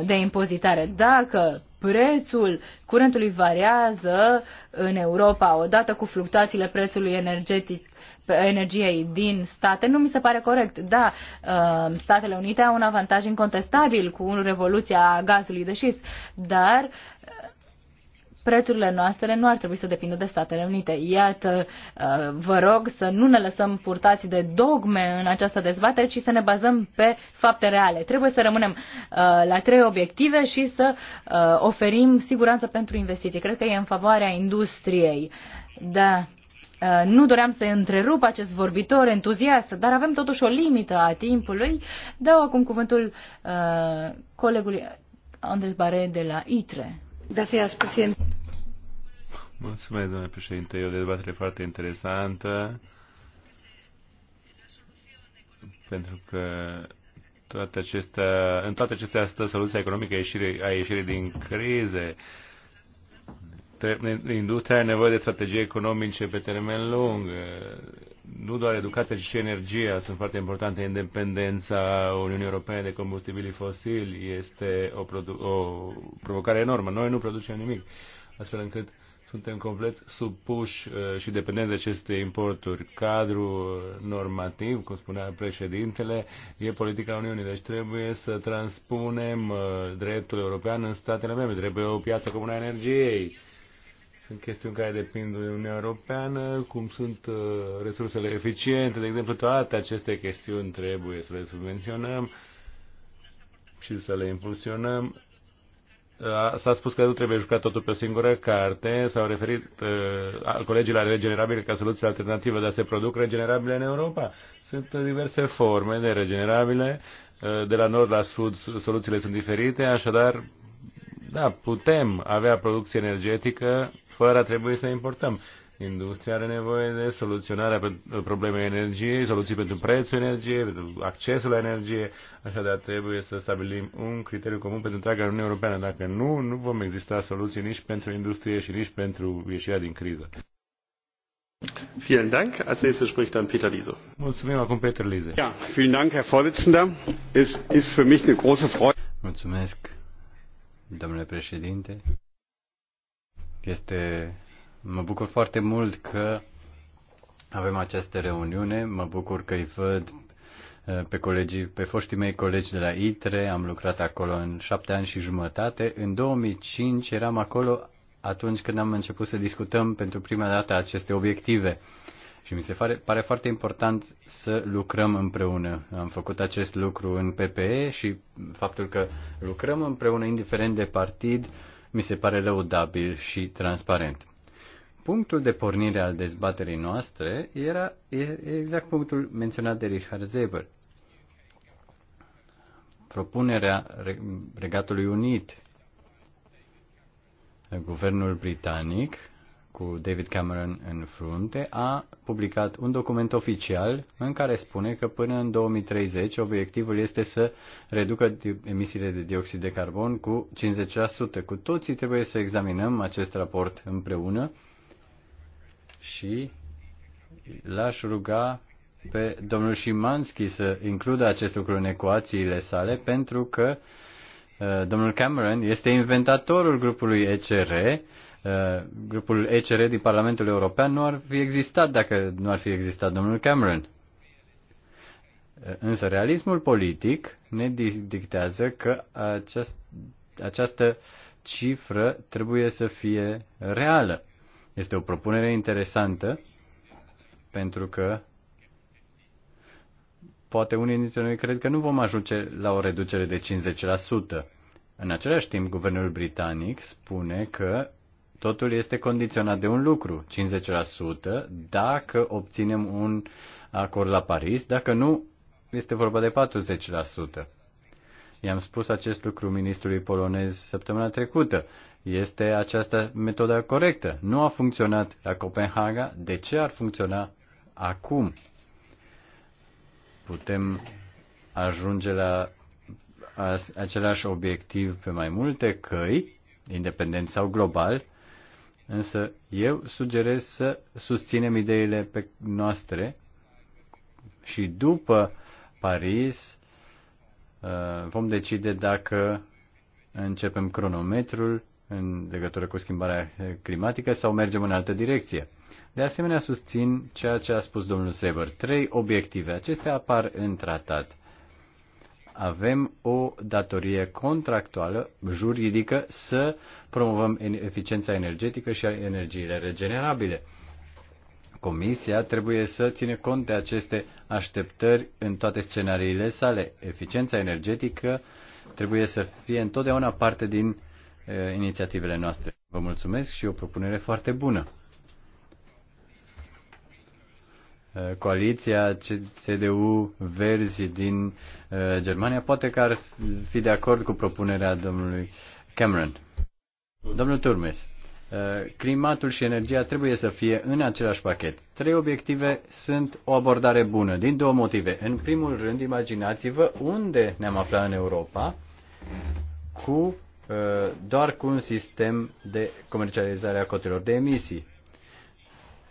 de impozitare. Dacă prețul curentului variază în Europa odată cu fluctuațiile prețului energetic energiei din state, nu mi se pare corect. Da, uh, Statele Unite au un avantaj incontestabil cu revoluția gazului de șist, dar prețurile noastre nu ar trebui să depindă de Statele Unite. Iată, uh, vă rog să nu ne lăsăm purtați de dogme în această dezbatere, ci să ne bazăm pe fapte reale. Trebuie să rămânem uh, la trei obiective și să uh, oferim siguranță pentru investiții. Cred că e în favoarea industriei. Da, nu doream să întrerup acest vorbitor entuziast, dar avem totuși o limită a timpului. Dau acum cuvântul uh, colegului Andrei Bare de la ITRE. Gracias, da, presidente. Mulțumesc, domnule președinte. E o dezbatere foarte interesantă pentru că toate acestea, în toate acestea stă soluția economică a ieșirii, a ieșirii din crize. Industria are nevoie de strategii economice pe termen lung. Nu doar educația, ci și energia sunt foarte importante. Independența Uniunii Europene de combustibilii fosili este o, o provocare enormă. Noi nu producem nimic, astfel încât suntem complet supuși uh, și dependenți de aceste importuri. Cadrul normativ, cum spunea președintele, e politica Uniunii, deci trebuie să transpunem uh, dreptul european în statele membre. Trebuie o piață comună a energiei. Sunt chestiuni care depind de Uniunea Europeană, cum sunt uh, resursele eficiente, de exemplu, toate aceste chestiuni trebuie să le subvenționăm și să le impulsionăm S-a spus că nu trebuie jucat totul pe o singură carte, s-au referit uh, colegii la regenerabile ca soluție alternativă, dar se produc regenerabile în Europa. Sunt diverse forme de regenerabile, uh, de la nord la sud soluțiile sunt diferite, așadar, da, putem avea producție energetică fără a trebui să importăm. Industria are nevoie de soluționarea problemei energiei, soluții pentru prețul energiei, pentru accesul la energie. Așadar, trebuie să stabilim un criteriu comun pentru întreaga Uniunea Europeană. Dacă nu, nu vom exista soluții nici pentru industrie și nici pentru ieșirea din criză. Vielen Dank. Als nächstes spricht dann Peter Liese. Mulțumim acum Peter Liese. Ja, vielen Dank, Herr Vorsitzender. Es ist für mich eine große Freude. Mulțumesc, domnule președinte. Este Mă bucur foarte mult că avem această reuniune, mă bucur că îi văd uh, pe, colegii, pe foștii mei colegi de la ITRE, am lucrat acolo în șapte ani și jumătate. În 2005 eram acolo atunci când am început să discutăm pentru prima dată aceste obiective. Și mi se pare, pare foarte important să lucrăm împreună. Am făcut acest lucru în PPE și faptul că lucrăm împreună, indiferent de partid, mi se pare lăudabil și transparent punctul de pornire al dezbaterii noastre era exact punctul menționat de Richard Zeber. Propunerea Regatului Unit, guvernul britanic, cu David Cameron în frunte, a publicat un document oficial în care spune că până în 2030 obiectivul este să reducă emisiile de dioxid de carbon cu 50%. Cu toții trebuie să examinăm acest raport împreună și l-aș ruga pe domnul Șimanski să includă acest lucru în ecuațiile sale, pentru că uh, domnul Cameron este inventatorul grupului ECR. Uh, grupul ECR din Parlamentul European nu ar fi existat dacă nu ar fi existat domnul Cameron. însă realismul politic ne dictează că aceast, această cifră trebuie să fie reală. Este o propunere interesantă pentru că poate unii dintre noi cred că nu vom ajunge la o reducere de 50%. În același timp, guvernul britanic spune că totul este condiționat de un lucru, 50% dacă obținem un acord la Paris, dacă nu, este vorba de 40%. I-am spus acest lucru ministrului polonez săptămâna trecută este această metodă corectă? Nu a funcționat la Copenhaga, de ce ar funcționa acum? Putem ajunge la același obiectiv pe mai multe căi, independent sau global, însă eu sugerez să susținem ideile pe noastre și după Paris uh, vom decide dacă începem cronometrul în legătură cu schimbarea eh, climatică sau mergem în altă direcție. De asemenea, susțin ceea ce a spus domnul Seber. Trei obiective. Acestea apar în tratat. Avem o datorie contractuală, juridică, să promovăm eficiența energetică și energiile regenerabile. Comisia trebuie să ține cont de aceste așteptări în toate scenariile sale. Eficiența energetică trebuie să fie întotdeauna parte din inițiativele noastre. Vă mulțumesc și o propunere foarte bună. Coaliția CDU Verzi din Germania poate că ar fi de acord cu propunerea domnului Cameron. Domnul Turmes, climatul și energia trebuie să fie în același pachet. Trei obiective sunt o abordare bună, din două motive. În primul rând, imaginați-vă unde ne-am aflat în Europa cu Uh, doar cu un sistem de comercializare a cotelor de emisii.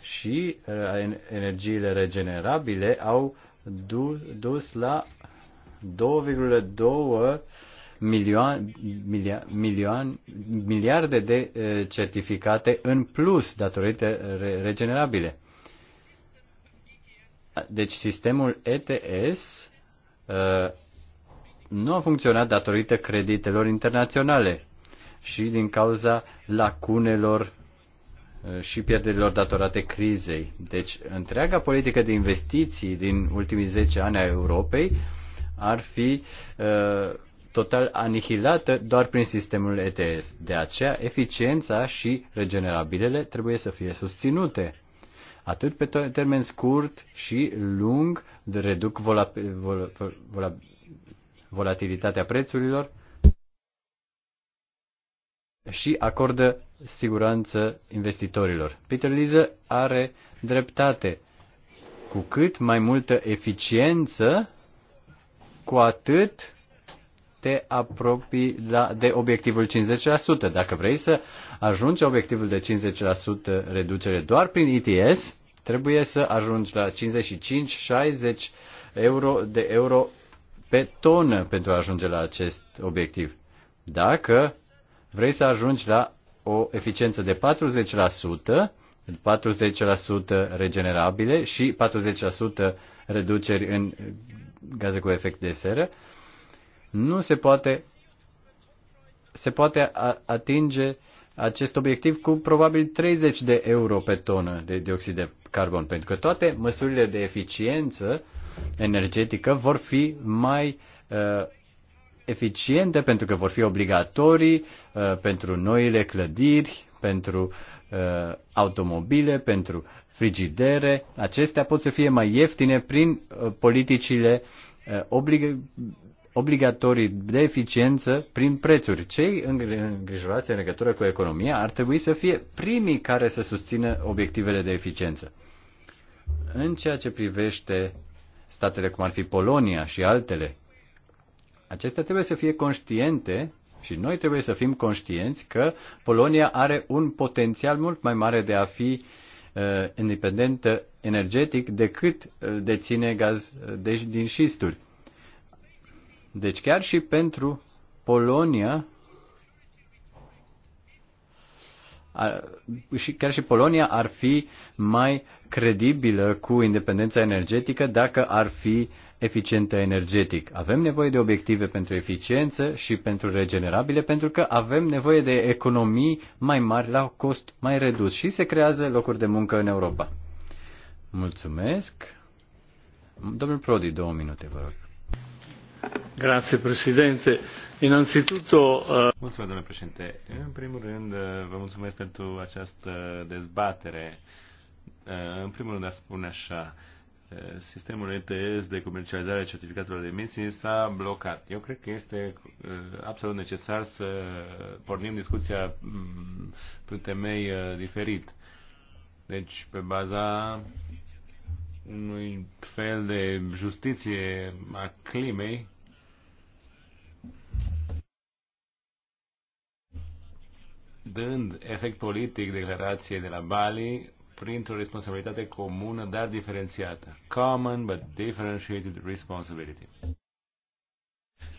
Și uh, energiile regenerabile au dus la 2,2 milioane, milioane, miliarde de uh, certificate în plus datorită regenerabile. Deci sistemul ETS nu a funcționat datorită creditelor internaționale și din cauza lacunelor uh, și pierderilor datorate crizei. Deci, întreaga politică de investiții din ultimii 10 ani a Europei ar fi uh, total anihilată doar prin sistemul ETS. De aceea, eficiența și regenerabilele trebuie să fie susținute, atât pe termen scurt și lung, reduc volap- vol- vol- volatilitatea prețurilor și acordă siguranță investitorilor. Peter Lise are dreptate. Cu cât mai multă eficiență, cu atât te apropii la, de obiectivul 50%. Dacă vrei să ajungi la obiectivul de 50% reducere doar prin ETS, trebuie să ajungi la 55-60 euro de euro pe tonă pentru a ajunge la acest obiectiv. Dacă vrei să ajungi la o eficiență de 40%, 40% regenerabile și 40% reduceri în gaze cu efect de seră, nu se poate se poate atinge acest obiectiv cu probabil 30 de euro pe tonă de dioxid de carbon, pentru că toate măsurile de eficiență energetică vor fi mai uh, eficiente pentru că vor fi obligatorii uh, pentru noile clădiri, pentru uh, automobile, pentru frigidere. Acestea pot să fie mai ieftine prin politicile oblig- obligatorii de eficiență prin prețuri. Cei îngrijorați în legătură cu economia ar trebui să fie primii care să susțină obiectivele de eficiență. În ceea ce privește statele cum ar fi Polonia și altele. Acestea trebuie să fie conștiente și noi trebuie să fim conștienți că Polonia are un potențial mult mai mare de a fi uh, independentă energetic decât uh, deține gaz uh, de, deci din șisturi. Deci chiar și pentru Polonia ar, și chiar și Polonia ar fi mai credibilă cu independența energetică dacă ar fi eficientă energetic. Avem nevoie de obiective pentru eficiență și pentru regenerabile pentru că avem nevoie de economii mai mari la cost mai redus și se creează locuri de muncă în Europa. Mulțumesc. Domnul Prodi, două minute, vă rog. Grazie, președinte. Eh, mulțumesc, domnule președinte. În primul rând, eh, vă mulțumesc pentru această dezbatere. Eh, în primul rând, a spune așa, sistemul ETS de comercializare a certificatelor de emisii s-a blocat. Eu cred că este absolut necesar să pornim discuția pe mm, temei diferit. Deci, pe baza unui fel de justiție a climei, dând efect politic declarației de la Bali printr-o responsabilitate comună, dar diferențiată. Common but differentiated responsibility.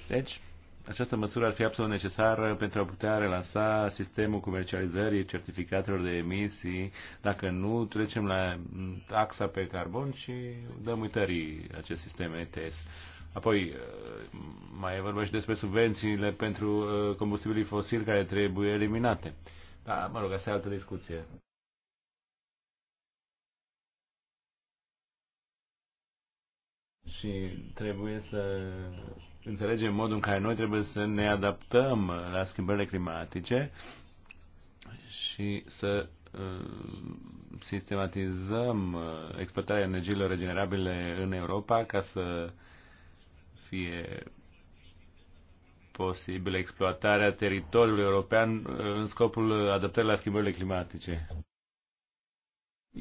Deci, această măsură ar fi absolut necesară pentru a putea relansa sistemul comercializării certificatelor de emisii, dacă nu trecem la taxa pe carbon și dăm uitării acest sistem ETS. Apoi, uh, mai e vorba și despre subvențiile pentru uh, combustibilii fosili care trebuie eliminate. Da, mă rog, asta e altă discuție. și trebuie să înțelegem modul în care noi trebuie să ne adaptăm la schimbările climatice și să uh, sistematizăm exploatarea energiilor regenerabile în Europa ca să fie posibilă exploatarea teritoriului european uh, în scopul adaptării la schimbările climatice.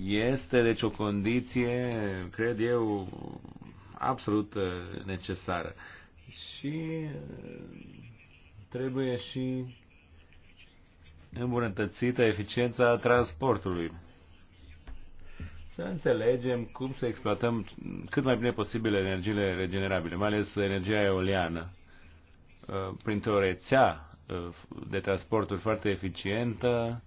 Este, deci, o condiție, cred eu, absolut uh, necesară. Și uh, trebuie și îmbunătățită eficiența transportului să înțelegem cum să exploatăm cât mai bine posibil energiile regenerabile, mai ales energia eoliană, uh, printr-o rețea uh, de transporturi foarte eficientă,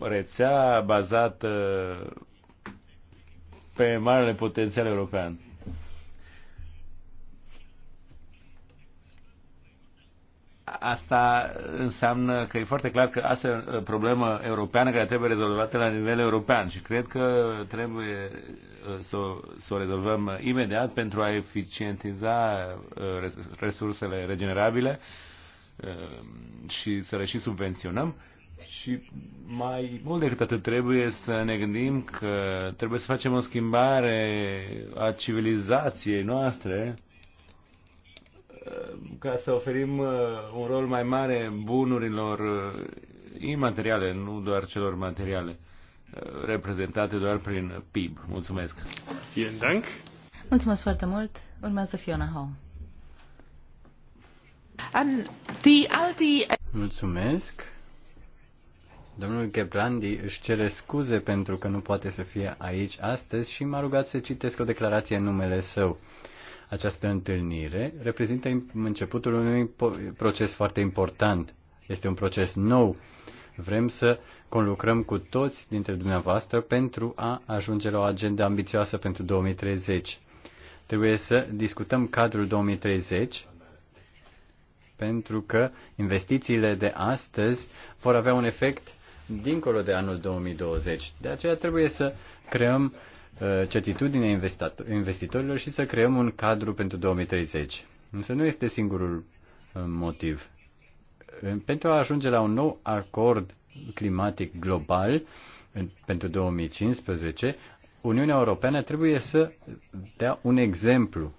rețea bazată pe marele potențial european. asta înseamnă că e foarte clar că asta e o problemă europeană care trebuie rezolvată la nivel european și cred că trebuie uh, să, să o rezolvăm imediat pentru a eficientiza uh, resursele regenerabile uh, și să le și subvenționăm. Și mai mult decât atât trebuie să ne gândim că trebuie să facem o schimbare a civilizației noastre Uh, ca să oferim uh, un rol mai mare bunurilor uh, imateriale, nu doar celor materiale, reprezentate doar prin PIB. Mulțumesc! Vielen Dank! Mulțumesc foarte mult! Urmează Fiona Hall. Um, the Aldi... Mulțumesc! Domnul Gebrandi își cere scuze pentru că nu poate să fie aici astăzi și m-a rugat să citesc o declarație în numele său. Această întâlnire reprezintă începutul unui proces foarte important. Este un proces nou. Vrem să conlucrăm cu toți dintre dumneavoastră pentru a ajunge la o agendă ambițioasă pentru 2030. Trebuie să discutăm cadrul 2030 pentru că investițiile de astăzi vor avea un efect dincolo de anul 2020. De aceea trebuie să creăm Uh, certitudinea investitorilor și să creăm un cadru pentru 2030. Însă nu este singurul uh, motiv. Uh, pentru a ajunge la un nou acord climatic global pentru 2015, Uniunea Europeană trebuie să dea un exemplu.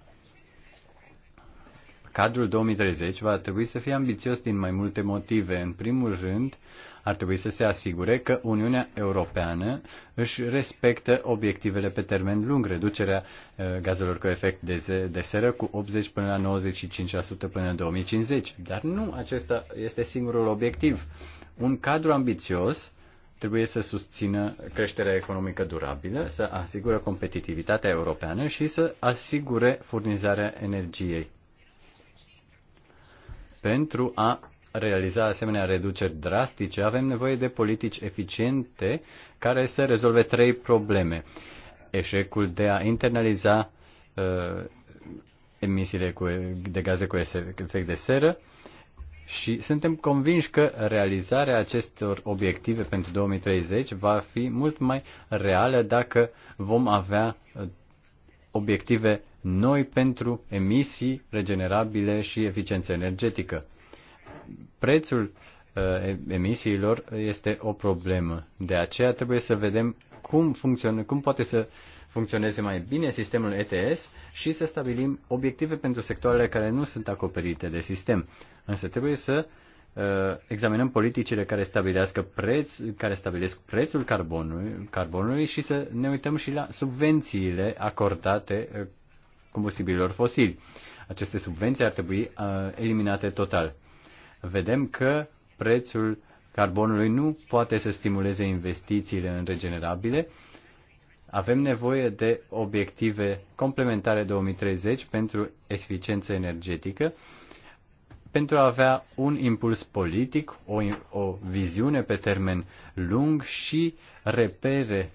Cadrul 2030 va trebui să fie ambițios din mai multe motive. În primul rând, ar trebui să se asigure că Uniunea Europeană își respectă obiectivele pe termen lung, reducerea uh, gazelor cu efect de, de seră cu 80 până la 95% până în 2050. Dar nu acesta este singurul obiectiv. Un cadru ambițios trebuie să susțină creșterea economică durabilă, să asigure competitivitatea europeană și să asigure furnizarea energiei pentru a realiza asemenea reduceri drastice, avem nevoie de politici eficiente care să rezolve trei probleme. Eșecul de a internaliza uh, emisiile cu, de gaze cu efect de seră și suntem convinși că realizarea acestor obiective pentru 2030 va fi mult mai reală dacă vom avea uh, obiective noi pentru emisii regenerabile și eficiență energetică prețul uh, emisiilor este o problemă. De aceea trebuie să vedem cum, funcțione, cum poate să funcționeze mai bine sistemul ETS și să stabilim obiective pentru sectoarele care nu sunt acoperite de sistem. Însă trebuie să uh, examinăm politicile care, stabilească preț, care stabilesc prețul carbonului, carbonului și să ne uităm și la subvențiile acordate uh, combustibililor fosili. Aceste subvenții ar trebui uh, eliminate total vedem că prețul carbonului nu poate să stimuleze investițiile în regenerabile. Avem nevoie de obiective complementare 2030 pentru eficiență energetică, pentru a avea un impuls politic, o, o viziune pe termen lung și repere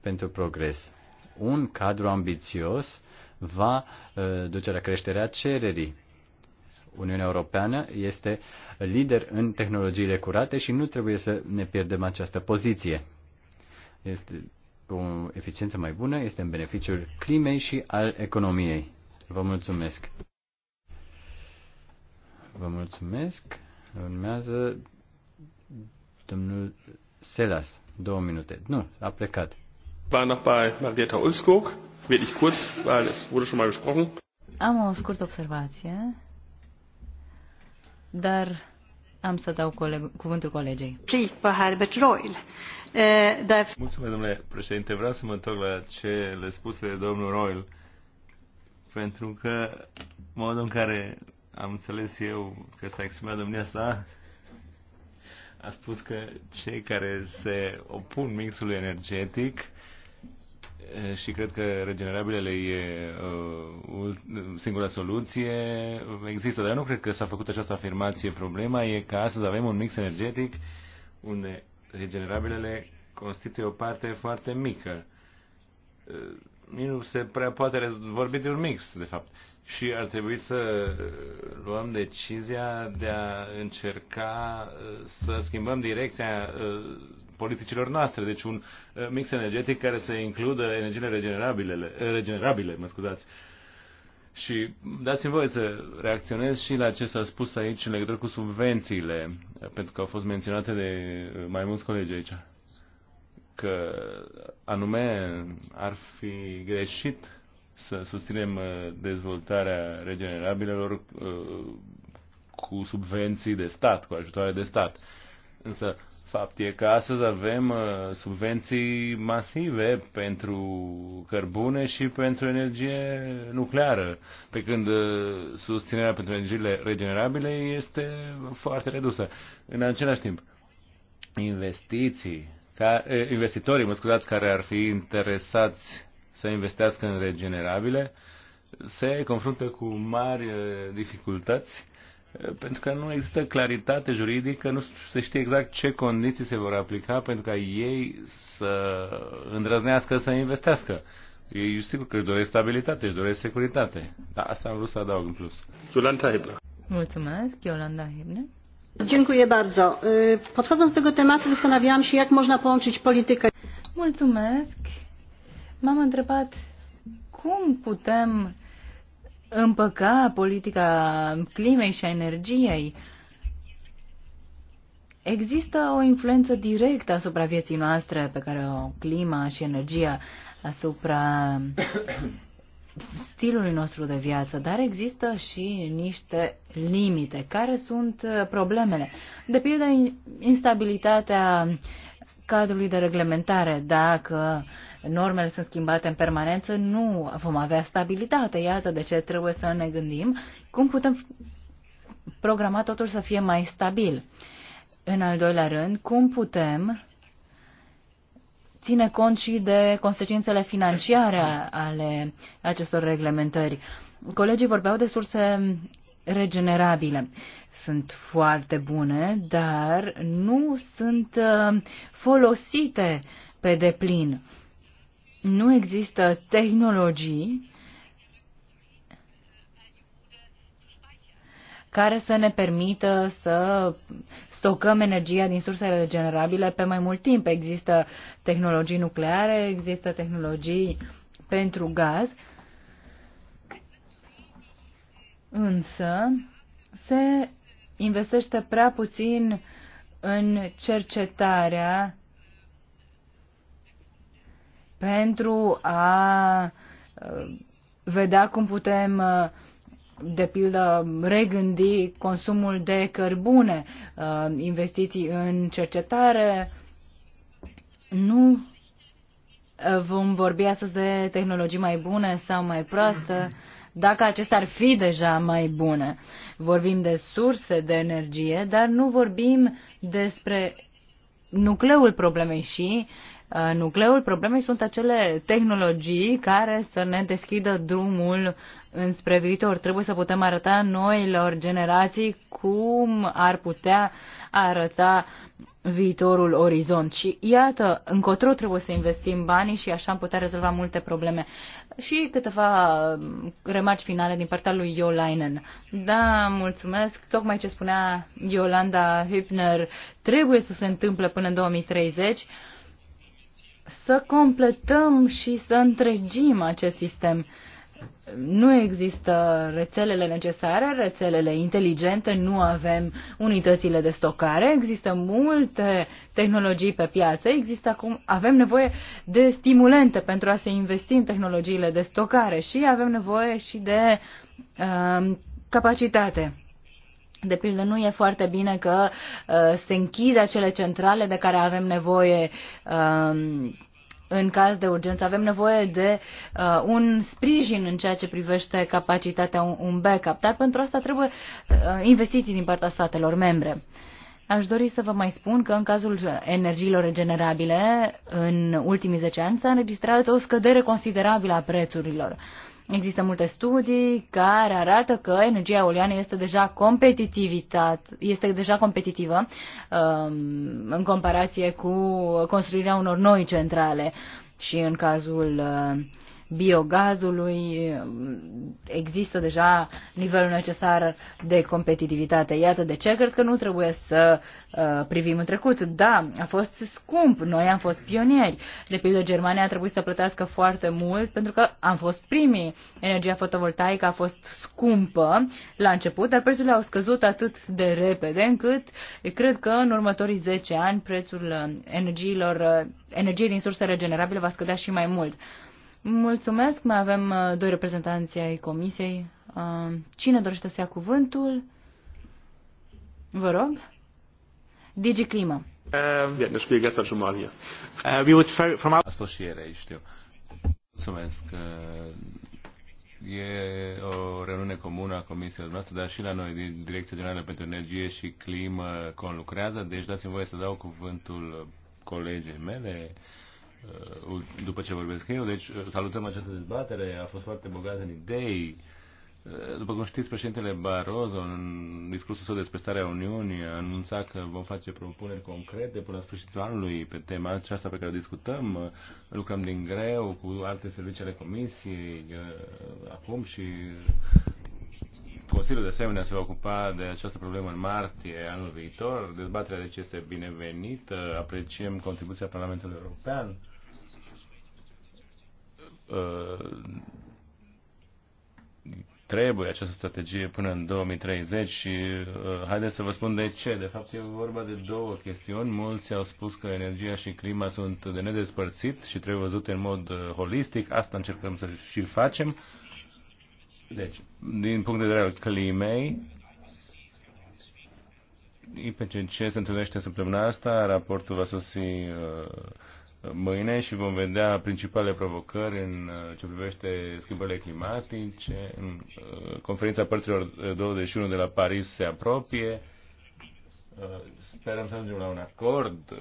pentru progres. Un cadru ambițios va uh, duce la creșterea cererii Uniunea Europeană este lider în tehnologiile curate și nu trebuie să ne pierdem această poziție. Este o eficiență mai bună, este în beneficiul climei și al economiei. Vă mulțumesc. Vă mulțumesc. Urmează domnul Selas. Două minute. Nu, a plecat. Am o scurtă observație dar am să dau coleg cuvântul colegei. Herbert Royal. Eh, Mulțumesc, domnule președinte. Vreau să mă întorc la ce le spuse domnul Royal, pentru că modul în care am înțeles eu că s-a exprimat domnia sa, a spus că cei care se opun mixului energetic și cred că regenerabilele e uh, singura soluție. Există, dar nu cred că s-a făcut această afirmație. Problema e că astăzi avem un mix energetic unde regenerabilele constituie o parte foarte mică. Uh, nu se prea poate vorbi de un mix, de fapt. Și ar trebui să uh, luăm decizia de a încerca uh, să schimbăm direcția uh, politicilor noastre, deci un mix energetic care să includă energiile regenerabile, regenerabile mă scuzați. Și dați-mi voie să reacționez și la ce s-a spus aici în legătură cu subvențiile, pentru că au fost menționate de mai mulți colegi aici că anume ar fi greșit să susținem uh, dezvoltarea regenerabilelor uh, cu subvenții de stat, cu ajutoare de stat. Însă, fapt e că astăzi avem uh, subvenții masive pentru cărbune și pentru energie nucleară, pe când susținerea pentru energiile regenerabile este foarte redusă. În același timp, investiții ca investitorii, mă scuzați, care ar fi interesați să investească în regenerabile, se confruntă cu mari dificultăți pentru că nu există claritate juridică, nu se știe exact ce condiții se vor aplica pentru ca ei să îndrăznească să investească. Ei sigur că își doresc stabilitate, își doresc securitate. Dar asta am vrut să adaug în plus. Iolanda Mulțumesc, Iolanda Hibner. Dziękuję bardzo. Podchodząc do tego tematu zastanawiałam się, jak można połączyć politykę. Mulțumesc. M-am întrebat cum putem împăca politica climei și a energiei. Există o influență directă asupra vieții noastre pe care o clima și energia asupra stilului nostru de viață, dar există și niște limite. Care sunt uh, problemele? De pildă, instabilitatea cadrului de reglementare. Dacă normele sunt schimbate în permanență, nu vom avea stabilitate. Iată de ce trebuie să ne gândim cum putem programa totul să fie mai stabil. În al doilea rând, cum putem ține cont și de consecințele financiare ale acestor reglementări. Colegii vorbeau de surse regenerabile. Sunt foarte bune, dar nu sunt uh, folosite pe deplin. Nu există tehnologii care să ne permită să stocăm energia din sursele regenerabile pe mai mult timp. Există tehnologii nucleare, există tehnologii pentru gaz, însă se investește prea puțin în cercetarea pentru a uh, vedea cum putem uh, de pildă, regândi consumul de cărbune, uh, investiții în cercetare. Nu uh, vom vorbi astăzi de tehnologii mai bune sau mai proaste, dacă acestea ar fi deja mai bune. Vorbim de surse de energie, dar nu vorbim despre nucleul problemei și Uh, nucleul problemei sunt acele tehnologii care să ne deschidă drumul înspre viitor. Trebuie să putem arăta noilor generații cum ar putea arăta viitorul orizont. Și iată, încotro trebuie să investim banii și așa am putea rezolva multe probleme. Și câteva uh, remarci finale din partea lui Iolainen. Da, mulțumesc. Tocmai ce spunea Iolanda Hübner, trebuie să se întâmple până în 2030 să completăm și să întregim acest sistem. Nu există rețelele necesare, rețelele inteligente, nu avem unitățile de stocare, există multe tehnologii pe piață, există acum, avem nevoie de stimulente pentru a se investi în tehnologiile de stocare și avem nevoie și de uh, capacitate. De pildă, nu e foarte bine că uh, se închid acele centrale de care avem nevoie uh, în caz de urgență. Avem nevoie de uh, un sprijin în ceea ce privește capacitatea, un, un backup, dar pentru asta trebuie uh, investiții din partea statelor membre. Aș dori să vă mai spun că în cazul energiilor regenerabile, în ultimii 10 ani, s-a înregistrat o scădere considerabilă a prețurilor. Uh, Există multe studii care arată că energia eoliană este deja competitivitate, este deja competitivă um, în comparație cu construirea unor noi centrale și în cazul uh, biogazului, există deja nivelul necesar de competitivitate. Iată de ce cred că nu trebuie să uh, privim în trecut. Da, a fost scump, noi am fost pionieri. De pildă, Germania a trebuit să plătească foarte mult pentru că am fost primii. Energia fotovoltaică a fost scumpă la început, dar prețurile au scăzut atât de repede încât cred că în următorii 10 ani prețul uh, energiilor, uh, energiei din surse regenerabile va scădea și mai mult. Mulțumesc, mai avem uh, doi reprezentanți ai comisiei. Uh, cine dorește să ia cuvântul? Vă rog. Digi Clima. Uh, nu și Maria. Uh, we would Asta știu. Mulțumesc. E o reuniune comună a comisiei noastre, dar și la noi, din Direcția Generală pentru Energie și Climă, conlucrează. Deci dați-mi voie să dau cuvântul colegii mele, Uh, după ce vorbesc eu. Deci uh, salutăm această dezbatere, a fost foarte bogată în idei. Uh, după cum știți, președintele Barroso, în discursul său despre starea Uniunii, a anunțat că vom face propuneri concrete până la sfârșitul anului pe tema aceasta pe care o discutăm. Lucrăm din greu cu alte servicii ale Comisiei acum și Consiliul de asemenea se va ocupa de această problemă în martie anul viitor. Dezbaterea ce deci, este binevenită. Apreciem contribuția Parlamentului European. Uh, trebuie această strategie până în 2030 și uh, haideți să vă spun de ce. De fapt e vorba de două chestiuni. Mulți au spus că energia și clima sunt de nedespărțit și trebuie văzute în mod uh, holistic. Asta încercăm să și facem deci, din punct de vedere al climei, IPCC se întâlnește săptămâna asta, raportul va sosi uh, mâine și vom vedea principalele provocări în uh, ce privește schimbările climatice. În uh, conferința părților 21 uh, de la Paris se apropie. Sperăm să ajungem la un acord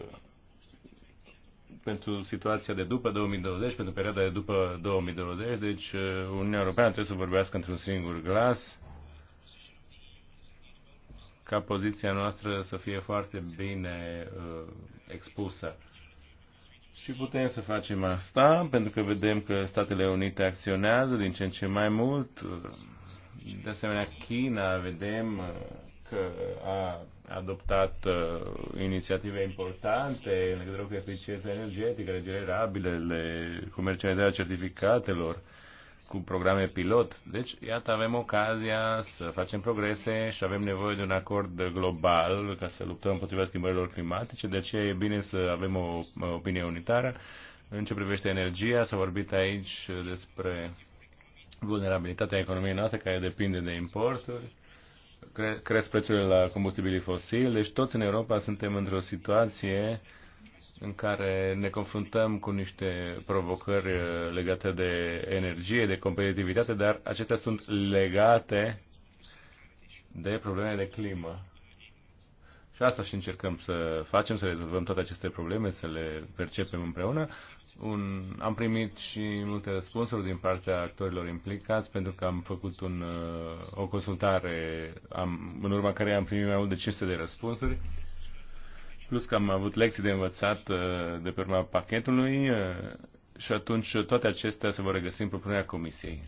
pentru situația de după 2020, pentru perioada de după 2020, deci uh, Uniunea Europeană trebuie să vorbească într-un singur glas ca poziția noastră să fie foarte bine uh, expusă. Și putem să facem asta, pentru că vedem că Statele Unite acționează din ce în ce mai mult. De asemenea, China, vedem uh, că a adoptat uh, inițiative importante în legătură cu eficiența energetică, le comercializarea certificatelor, cu programe pilot. Deci, iată, avem ocazia să facem progrese și avem nevoie de un acord global ca să luptăm împotriva schimbărilor climatice, de aceea e bine să avem o opinie unitară. În ce privește energia, s-a vorbit aici despre vulnerabilitatea economiei noastre care depinde de importuri cresc prețurile la combustibilii fosili, deci toți în Europa suntem într-o situație în care ne confruntăm cu niște provocări uh, legate de energie, de competitivitate, dar acestea sunt legate de probleme de climă. Și asta și încercăm să facem, să rezolvăm toate aceste probleme, să le percepem împreună un, am primit și multe răspunsuri din partea actorilor implicați pentru că am făcut un, uh, o consultare am, în urma care am primit mai mult de 500 de răspunsuri plus că am avut lecții de învățat uh, de pe urma pachetului uh, și atunci toate acestea se vor regăsi în propunerea comisiei.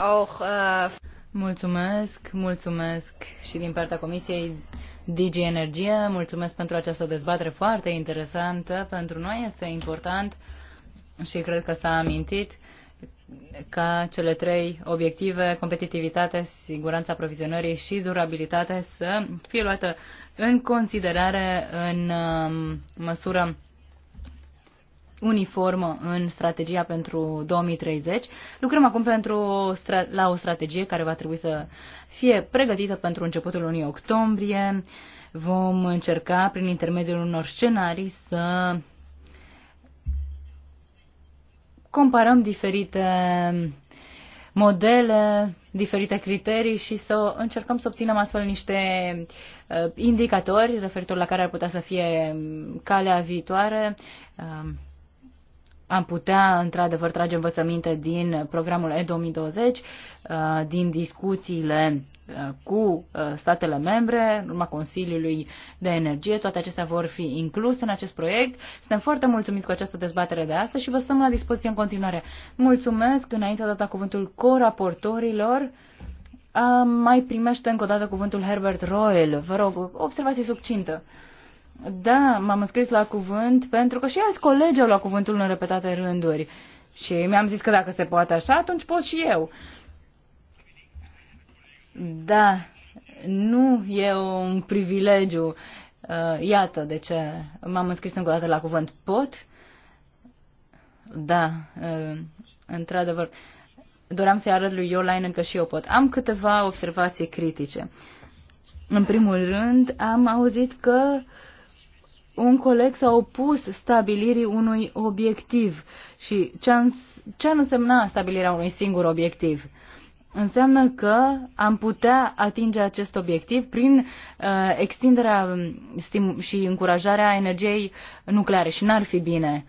Auch, uh... Mulțumesc, mulțumesc și din partea Comisiei DG Energie, mulțumesc pentru această dezbatere foarte interesantă. Pentru noi este important și cred că s-a amintit ca cele trei obiective, competitivitate, siguranța aprovizionării și durabilitate, să fie luată în considerare în um, măsură uniformă în strategia pentru 2030. Lucrăm acum pentru o la o strategie care va trebui să fie pregătită pentru începutul lunii octombrie. Vom încerca, prin intermediul unor scenarii, să comparăm diferite modele, diferite criterii și să încercăm să obținem astfel niște uh, indicatori referitor la care ar putea să fie um, calea viitoare. Um, am putea, într-adevăr, trage învățăminte din programul E2020, uh, din discuțiile uh, cu uh, statele membre, în urma Consiliului de Energie. Toate acestea vor fi incluse în acest proiect. Suntem foarte mulțumiți cu această dezbatere de astăzi și vă stăm la dispoziție în continuare. Mulțumesc, înainte de a da cuvântul co-raportorilor, mai primește încă o dată cuvântul Herbert Royal. Vă rog, observație succintă. Da, m-am înscris la cuvânt pentru că și alți colegi au luat cuvântul în repetate rânduri. Și mi-am zis că dacă se poate așa, atunci pot și eu. Da, nu e un privilegiu. Uh, iată de ce m-am înscris încă o dată la cuvânt. Pot? Da, uh, într-adevăr. Doream să-i arăt lui Iolainen că și eu pot. Am câteva observații critice. În primul rând, am auzit că uh, un coleg s-a opus stabilirii unui obiectiv și ce, ans, însemna stabilirea unui singur obiectiv? Înseamnă că am putea atinge acest obiectiv prin uh, extinderea um, și încurajarea energiei nucleare și n-ar fi bine.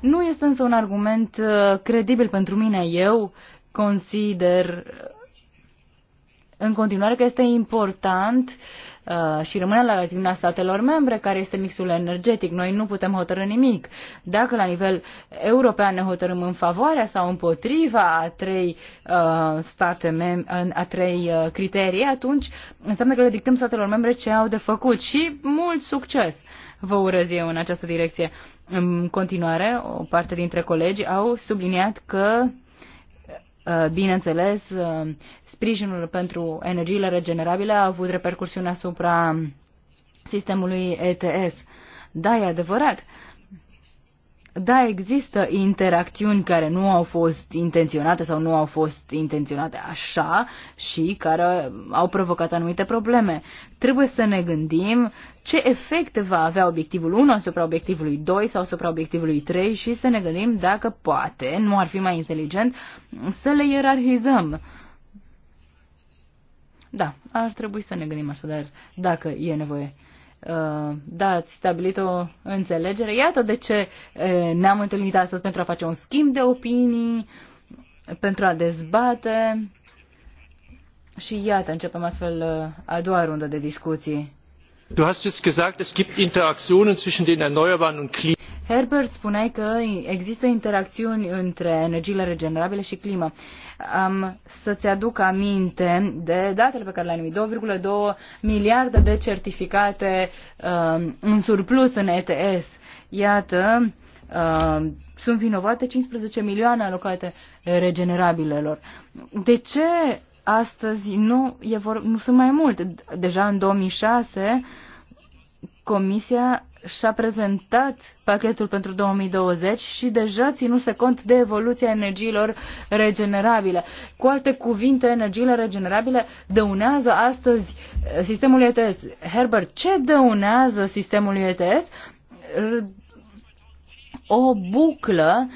Nu este însă un argument uh, credibil pentru mine. Eu consider în continuare că este important uh, și rămâne la latitudinea statelor membre care este mixul energetic. Noi nu putem hotărâ nimic. Dacă la nivel european ne hotărâm în favoarea sau împotriva a trei, uh, state mem- a trei uh, criterii, atunci înseamnă că le dictăm statelor membre ce au de făcut și mult succes vă urez eu în această direcție. În continuare, o parte dintre colegi au subliniat că Uh, bineînțeles, uh, sprijinul pentru energiile regenerabile a avut repercursiune asupra sistemului ETS. Da, e adevărat. Da, există interacțiuni care nu au fost intenționate sau nu au fost intenționate așa și care au provocat anumite probleme. Trebuie să ne gândim ce efecte va avea obiectivul 1 asupra obiectivului 2 sau asupra obiectivului 3 și să ne gândim dacă poate, nu ar fi mai inteligent, să le ierarhizăm. Da, ar trebui să ne gândim așadar dacă e nevoie. Uh, da, ați stabilit o înțelegere. Iată de ce uh, ne-am întâlnit astăzi pentru a face un schimb de opinii, pentru a dezbate. Și iată, începem astfel uh, a doua rundă de discuții. Tu hast jetzt gesagt, es gibt Interaktionen zwischen den Erneuerbaren und Klima. Herbert spuneai că există interacțiuni între energiile regenerabile și climă. Um, să-ți aduc aminte de datele pe care le-ai numit, 2,2 miliarde de certificate um, în surplus în ETS. Iată, um, sunt vinovate 15 milioane alocate regenerabilelor. De ce astăzi nu, e vor, nu sunt mai mult? Deja în 2006 Comisia și-a prezentat pachetul pentru 2020 și deja ținuse cont de evoluția energiilor regenerabile. Cu alte cuvinte, energiile regenerabile dăunează astăzi eh, sistemul ETS. Herbert, ce dăunează sistemul ETS? O buclă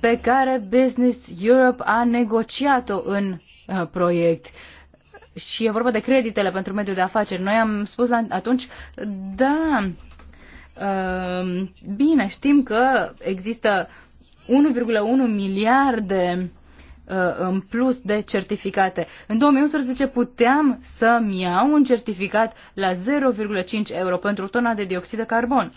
pe care Business Europe a negociat-o în eh, proiect și e vorba de creditele pentru mediul de afaceri. Noi am spus atunci, da, Ehm, bine, știm că există 1,1 miliarde eh, în plus de certificate. În 2011 puteam să-mi iau un certificat la 0,5 euro pentru tona de dioxid de carbon.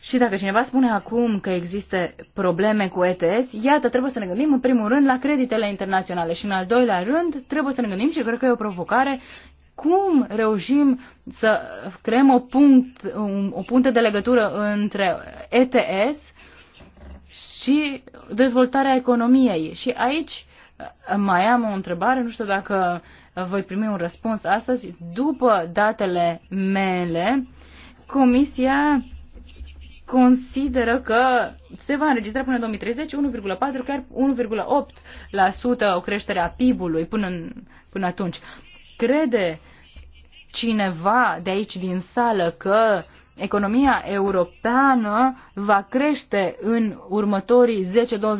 Și dacă cineva spune acum că există probleme cu ETS, iată, trebuie să ne gândim în primul rând la creditele internaționale și în al doilea rând trebuie să ne gândim și cred că e o provocare cum reușim să creăm o, punct, o punte de legătură între ETS și dezvoltarea economiei. Și aici uh, mai am o întrebare, nu știu dacă voi primi un răspuns astăzi. După datele mele, Comisia consideră că se va înregistra până în 2030 1,4, chiar 1,8% o creștere a PIB-ului până, în, până atunci crede cineva de aici din sală că economia europeană va crește în următorii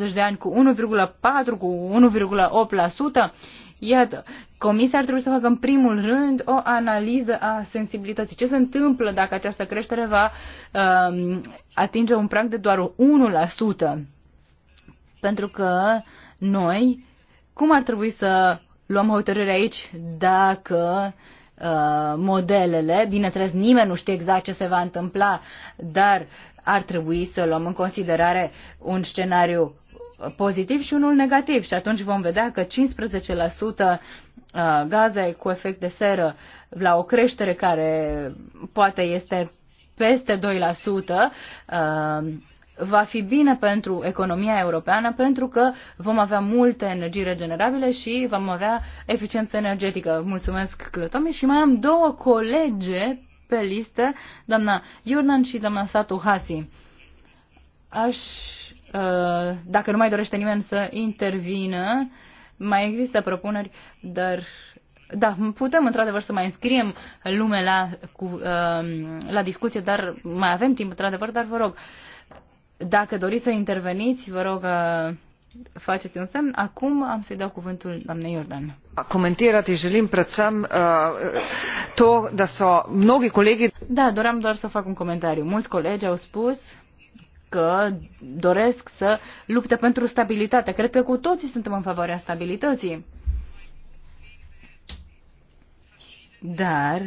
10-20 de ani cu 1,4, cu 1,8%, Iată, comisia ar trebui să facă în primul rând o analiză a sensibilității. Ce se întâmplă dacă această creștere va um, atinge un prag de doar 1%? Pentru că noi, cum ar trebui să luăm hotărâre aici dacă uh, modelele, bineînțeles nimeni nu știe exact ce se va întâmpla, dar ar trebui să luăm în considerare un scenariu pozitiv și unul negativ și atunci vom vedea că 15% uh, gaze cu efect de seră la o creștere care poate este peste 2%, va fi bine pentru economia europeană pentru că vom avea multe energii regenerabile și vom avea eficiență energetică. Mulțumesc, Clotomi, și mai am două colege pe listă, doamna Iurnan și doamna Satu Hasi. Aș, uh, dacă nu mai dorește nimeni să intervină, mai există propuneri, dar da, putem într-adevăr să mai înscriem lume la, cu, uh, la discuție, dar mai avem timp într-adevăr, dar vă rog, uh, dacă doriți să interveniți, vă rog uh, faceți un semn. Acum am să-i dau cuvântul doamnei Iordan. Comentirati želim predvsem uh, to, da so mnogi colegi... Da, doream doar să fac un comentariu. Mulți colegi au spus că doresc să lupte pentru stabilitate. Cred că cu toții suntem în favoarea stabilității. Dar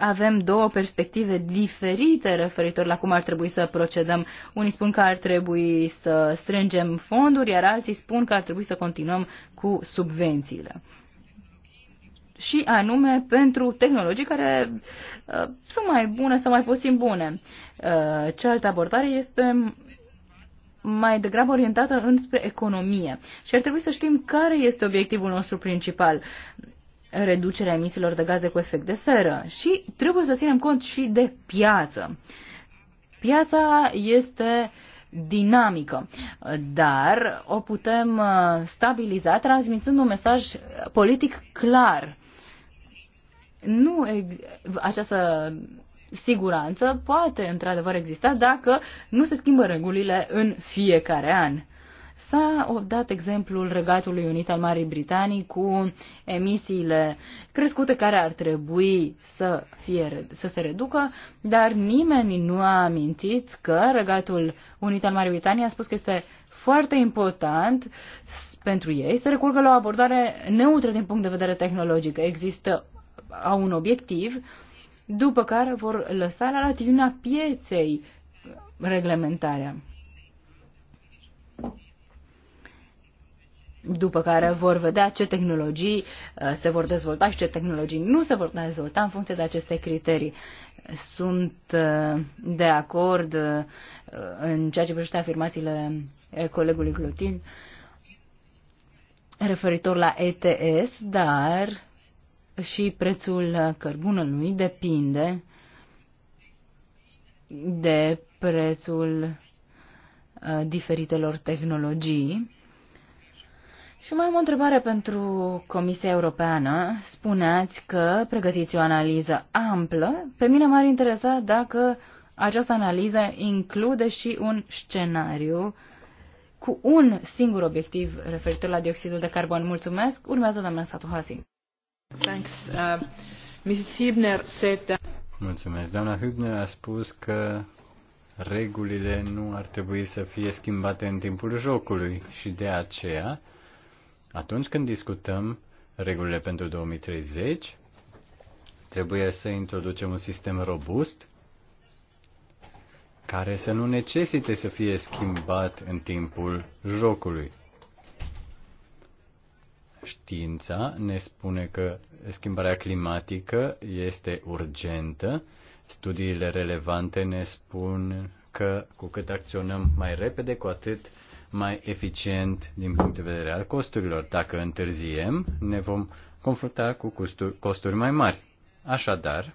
avem două perspective diferite referitor la cum ar trebui să procedăm. Unii spun că ar trebui să strângem fonduri, iar alții spun că ar trebui să continuăm cu subvențiile. Și anume pentru tehnologii care uh, sunt mai bune sau mai puțin bune. Uh, cealaltă abordare este mai degrabă orientată înspre economie. Și ar trebui să știm care este obiectivul nostru principal reducerea emisiilor de gaze cu efect de seră și trebuie să ținem cont și de piață. Piața este dinamică, dar o putem uh, stabiliza transmitând un mesaj politic clar. Nu această siguranță poate într-adevăr exista dacă nu se schimbă regulile în fiecare an. S-a dat exemplul Regatului Unit al Marii Britanii cu emisiile crescute care ar trebui să, fie, să se reducă, dar nimeni nu a amintit că Regatul Unit al Marii Britanii a spus că este foarte important pentru ei să recurgă la o abordare neutră din punct de vedere tehnologic. Există au un obiectiv, după care vor lăsa la latitudinea pieței reglementarea. după care vor vedea ce tehnologii uh, se vor dezvolta și ce tehnologii nu se vor dezvolta în funcție de aceste criterii. Sunt uh, de acord uh, în ceea ce privește afirmațiile colegului Glutin referitor la ETS, dar și prețul cărbunelui depinde de prețul diferitelor tehnologii și mai am o întrebare pentru Comisia Europeană. Spuneați că pregătiți o analiză amplă. Pe mine m-ar interesa dacă această analiză include și un scenariu cu un singur obiectiv referitor la dioxidul de carbon. Mulțumesc. Urmează doamna Satuhasi. Thanks. Uh, Mrs. Hübner said that... Mulțumesc. Doamna Hübner a spus că regulile nu ar trebui să fie schimbate în timpul jocului și de aceea atunci când discutăm regulile pentru 2030, trebuie să introducem un sistem robust care să nu necesite să fie schimbat în timpul jocului. Știința ne spune că schimbarea climatică este urgentă. Studiile relevante ne spun că cu cât acționăm mai repede, cu atât mai eficient din punct de vedere al costurilor. Dacă întârziem, ne vom confrunta cu costuri, mai mari. Așadar,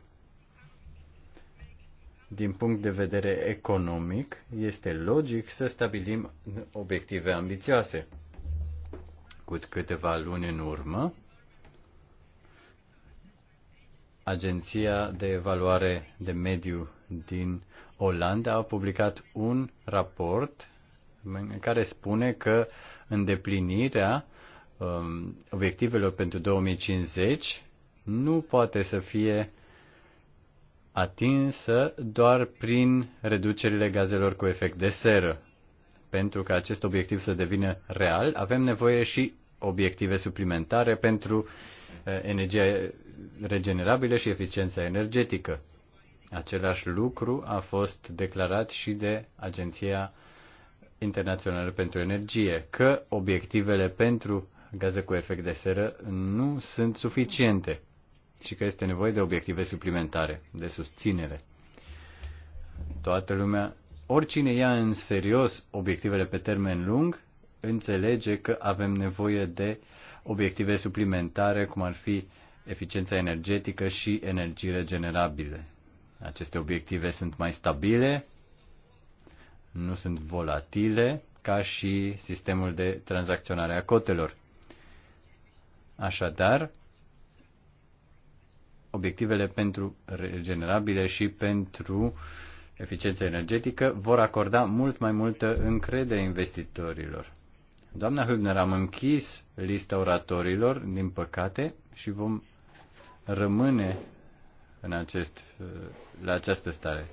din punct de vedere economic, este logic să stabilim obiective ambițioase. Cu câteva luni în urmă, Agenția de Evaluare de Mediu din Olanda a publicat un raport care spune că îndeplinirea um, obiectivelor pentru 2050 nu poate să fie atinsă doar prin reducerile gazelor cu efect de seră. Pentru ca acest obiectiv să devină real, avem nevoie și obiective suplimentare pentru uh, energia regenerabilă și eficiența energetică. Același lucru a fost declarat și de Agenția Internațională pentru Energie că obiectivele pentru gaze cu efect de seră nu sunt suficiente și că este nevoie de obiective suplimentare, de susținere. Toată lumea, oricine ia în serios obiectivele pe termen lung, înțelege că avem nevoie de obiective suplimentare, cum ar fi eficiența energetică și energie regenerabile. Aceste obiective sunt mai stabile, nu sunt volatile ca și sistemul de tranzacționare a cotelor. Așadar, obiectivele pentru regenerabile și pentru eficiență energetică vor acorda mult mai multă încredere investitorilor. Doamna Hübner, am închis lista oratorilor, din păcate, și vom rămâne în acest, la această stare,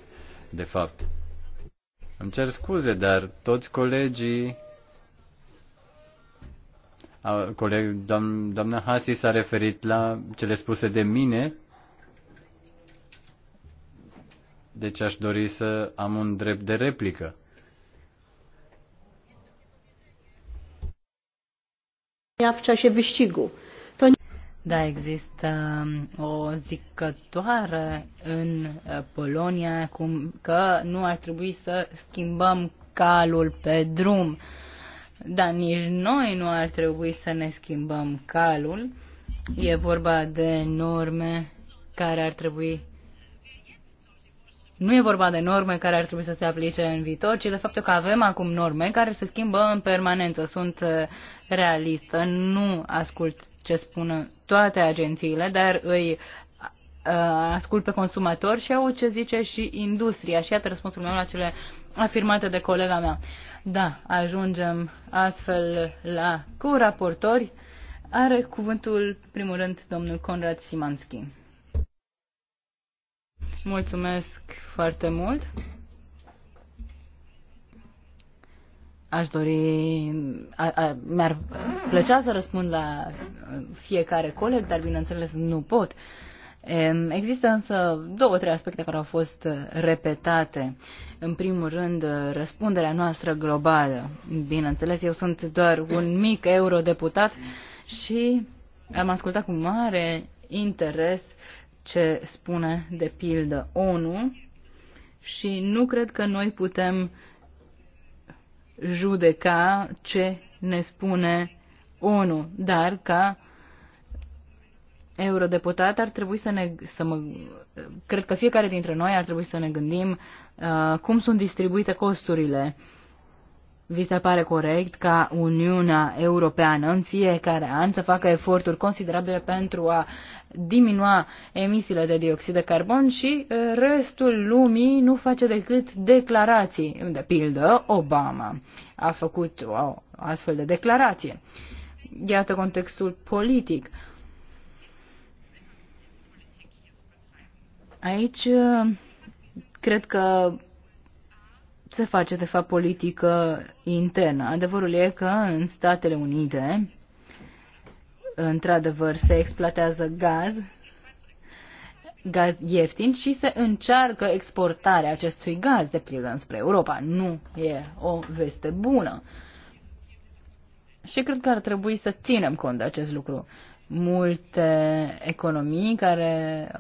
de fapt. Îmi cer scuze, dar toți colegii coleg, doam, doamna Hasi s-a referit la cele spuse de mine, deci aș dori să am un drept de replică. w czasie wyścigu. Da, există um, o zicătoare în uh, Polonia cum că nu ar trebui să schimbăm calul pe drum. Dar nici noi nu ar trebui să ne schimbăm calul. E vorba de norme care ar trebui nu e vorba de norme care ar trebui să se aplice în viitor, ci de faptul că avem acum norme care se schimbă în permanență. Sunt uh, realistă, nu ascult ce spun toate agențiile, dar îi uh, ascult pe consumator și au ce zice și industria. Și iată răspunsul meu la cele afirmate de colega mea. Da, ajungem astfel la cu raportori. Are cuvântul, primul rând, domnul Conrad Simanski. Mulțumesc foarte mult. Aș dori, mi-ar plăcea să răspund la fiecare coleg, dar bineînțeles nu pot. Există însă două, trei aspecte care au fost repetate. În primul rând, răspunderea noastră globală. Bineînțeles, eu sunt doar un mic eurodeputat și am ascultat cu mare interes uh, ce spune de pildă ONU și nu cred că noi putem judeca ce ne spune ONU, dar ca eurodeputat ar trebui să ne să mă, cred că fiecare dintre noi ar trebui să ne gândim uh, cum sunt distribuite costurile uh, vi se pare corect ca Uniunea Europeană în fiecare an să facă eforturi considerabile pentru a diminua emisiile de dioxid de carbon și uh, restul lumii nu face decât declarații. De pildă, Obama a făcut o astfel de declarație. Iată contextul politic. Aici uh, cred că se face, de fapt, politică internă. Adevărul e că în Statele Unite, într-adevăr, se exploatează gaz, gaz ieftin și se încearcă exportarea acestui gaz, de pildă, înspre Europa. Nu e o veste bună. Și cred că ar trebui să ținem cont de acest lucru. Multe economii care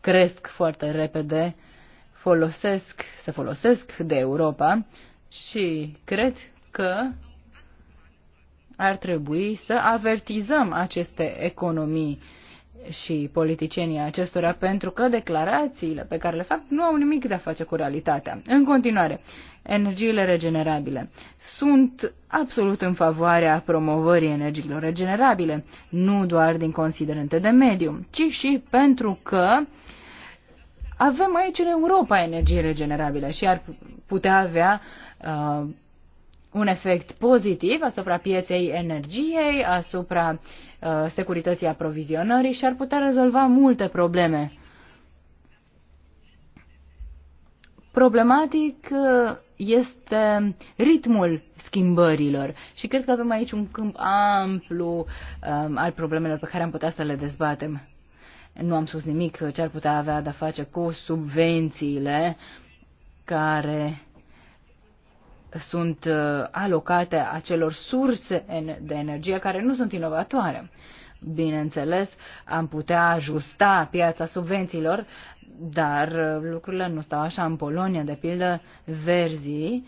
cresc foarte repede uh, folosesc, se folosesc de Europa și cred că ar trebui să avertizăm aceste economii și politicienii acestora, pentru că declarațiile pe care le fac nu au nimic de a face cu realitatea. În continuare, energiile regenerabile. Sunt absolut în favoarea promovării energiilor regenerabile, nu doar din considerente de mediu, ci și pentru că uh, avem aici în Europa energie regenerabilă și ar putea avea uh, un efect pozitiv asupra pieței energiei, asupra uh, securității aprovizionării și ar putea rezolva multe probleme. Problematic uh, este ritmul schimbărilor și cred că avem aici un câmp amplu um, al problemelor pe care am putea să le dezbatem. Nu am spus nimic ce ar putea avea de-a face cu subvențiile care sunt uh, alocate acelor surse de energie care nu sunt inovatoare. Bineînțeles, am putea ajusta piața subvențiilor, dar uh, lucrurile nu stau așa. În Polonia, de pildă, verzii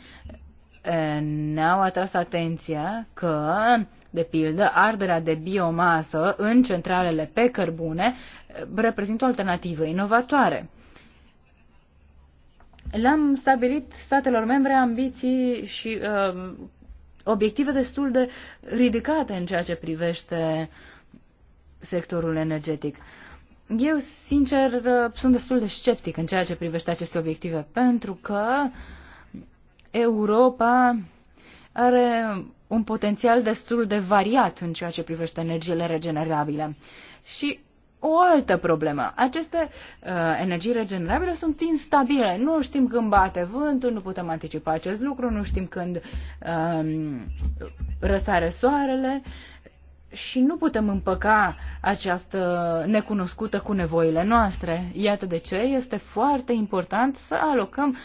uh, ne-au atras atenția că de pildă, arderea de biomasă în centralele pe cărbune reprezintă o alternativă inovatoare. Le-am stabilit statelor membre ambiții și uh, obiective destul de ridicate în ceea ce privește sectorul energetic. Eu, sincer, uh, sunt destul de sceptic în ceea ce privește aceste obiective, pentru că Europa are un potențial destul de variat în ceea ce privește energiile regenerabile. Și o altă problemă. Aceste uh, energii regenerabile sunt instabile. Nu știm când bate vântul, nu putem anticipa acest lucru, nu știm când uh, răsare soarele și nu putem împăca această necunoscută cu nevoile noastre. Iată de ce este foarte important să alocăm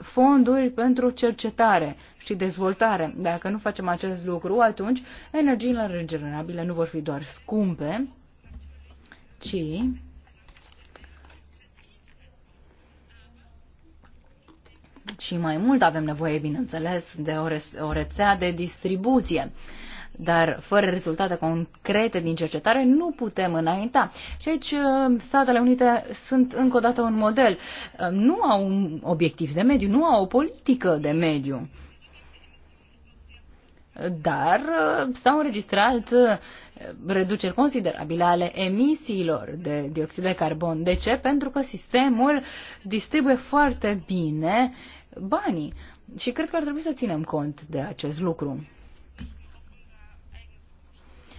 fonduri pentru cercetare, și dezvoltare. Dacă nu facem acest lucru, atunci energiile regenerabile nu vor fi doar scumpe, ci și mai mult avem nevoie, bineînțeles, de o rețea de distribuție dar fără rezultate concrete din cercetare nu putem înainta. Și aici uh, Statele Unite sunt încă o dată un model. Uh, nu au un obiectiv de mediu, nu au o politică de mediu dar uh, s-au înregistrat uh, reduceri considerabile ale emisiilor de dioxid de carbon. De ce? Pentru că sistemul distribuie foarte bine banii. Și cred că ar trebui să ținem cont de acest lucru.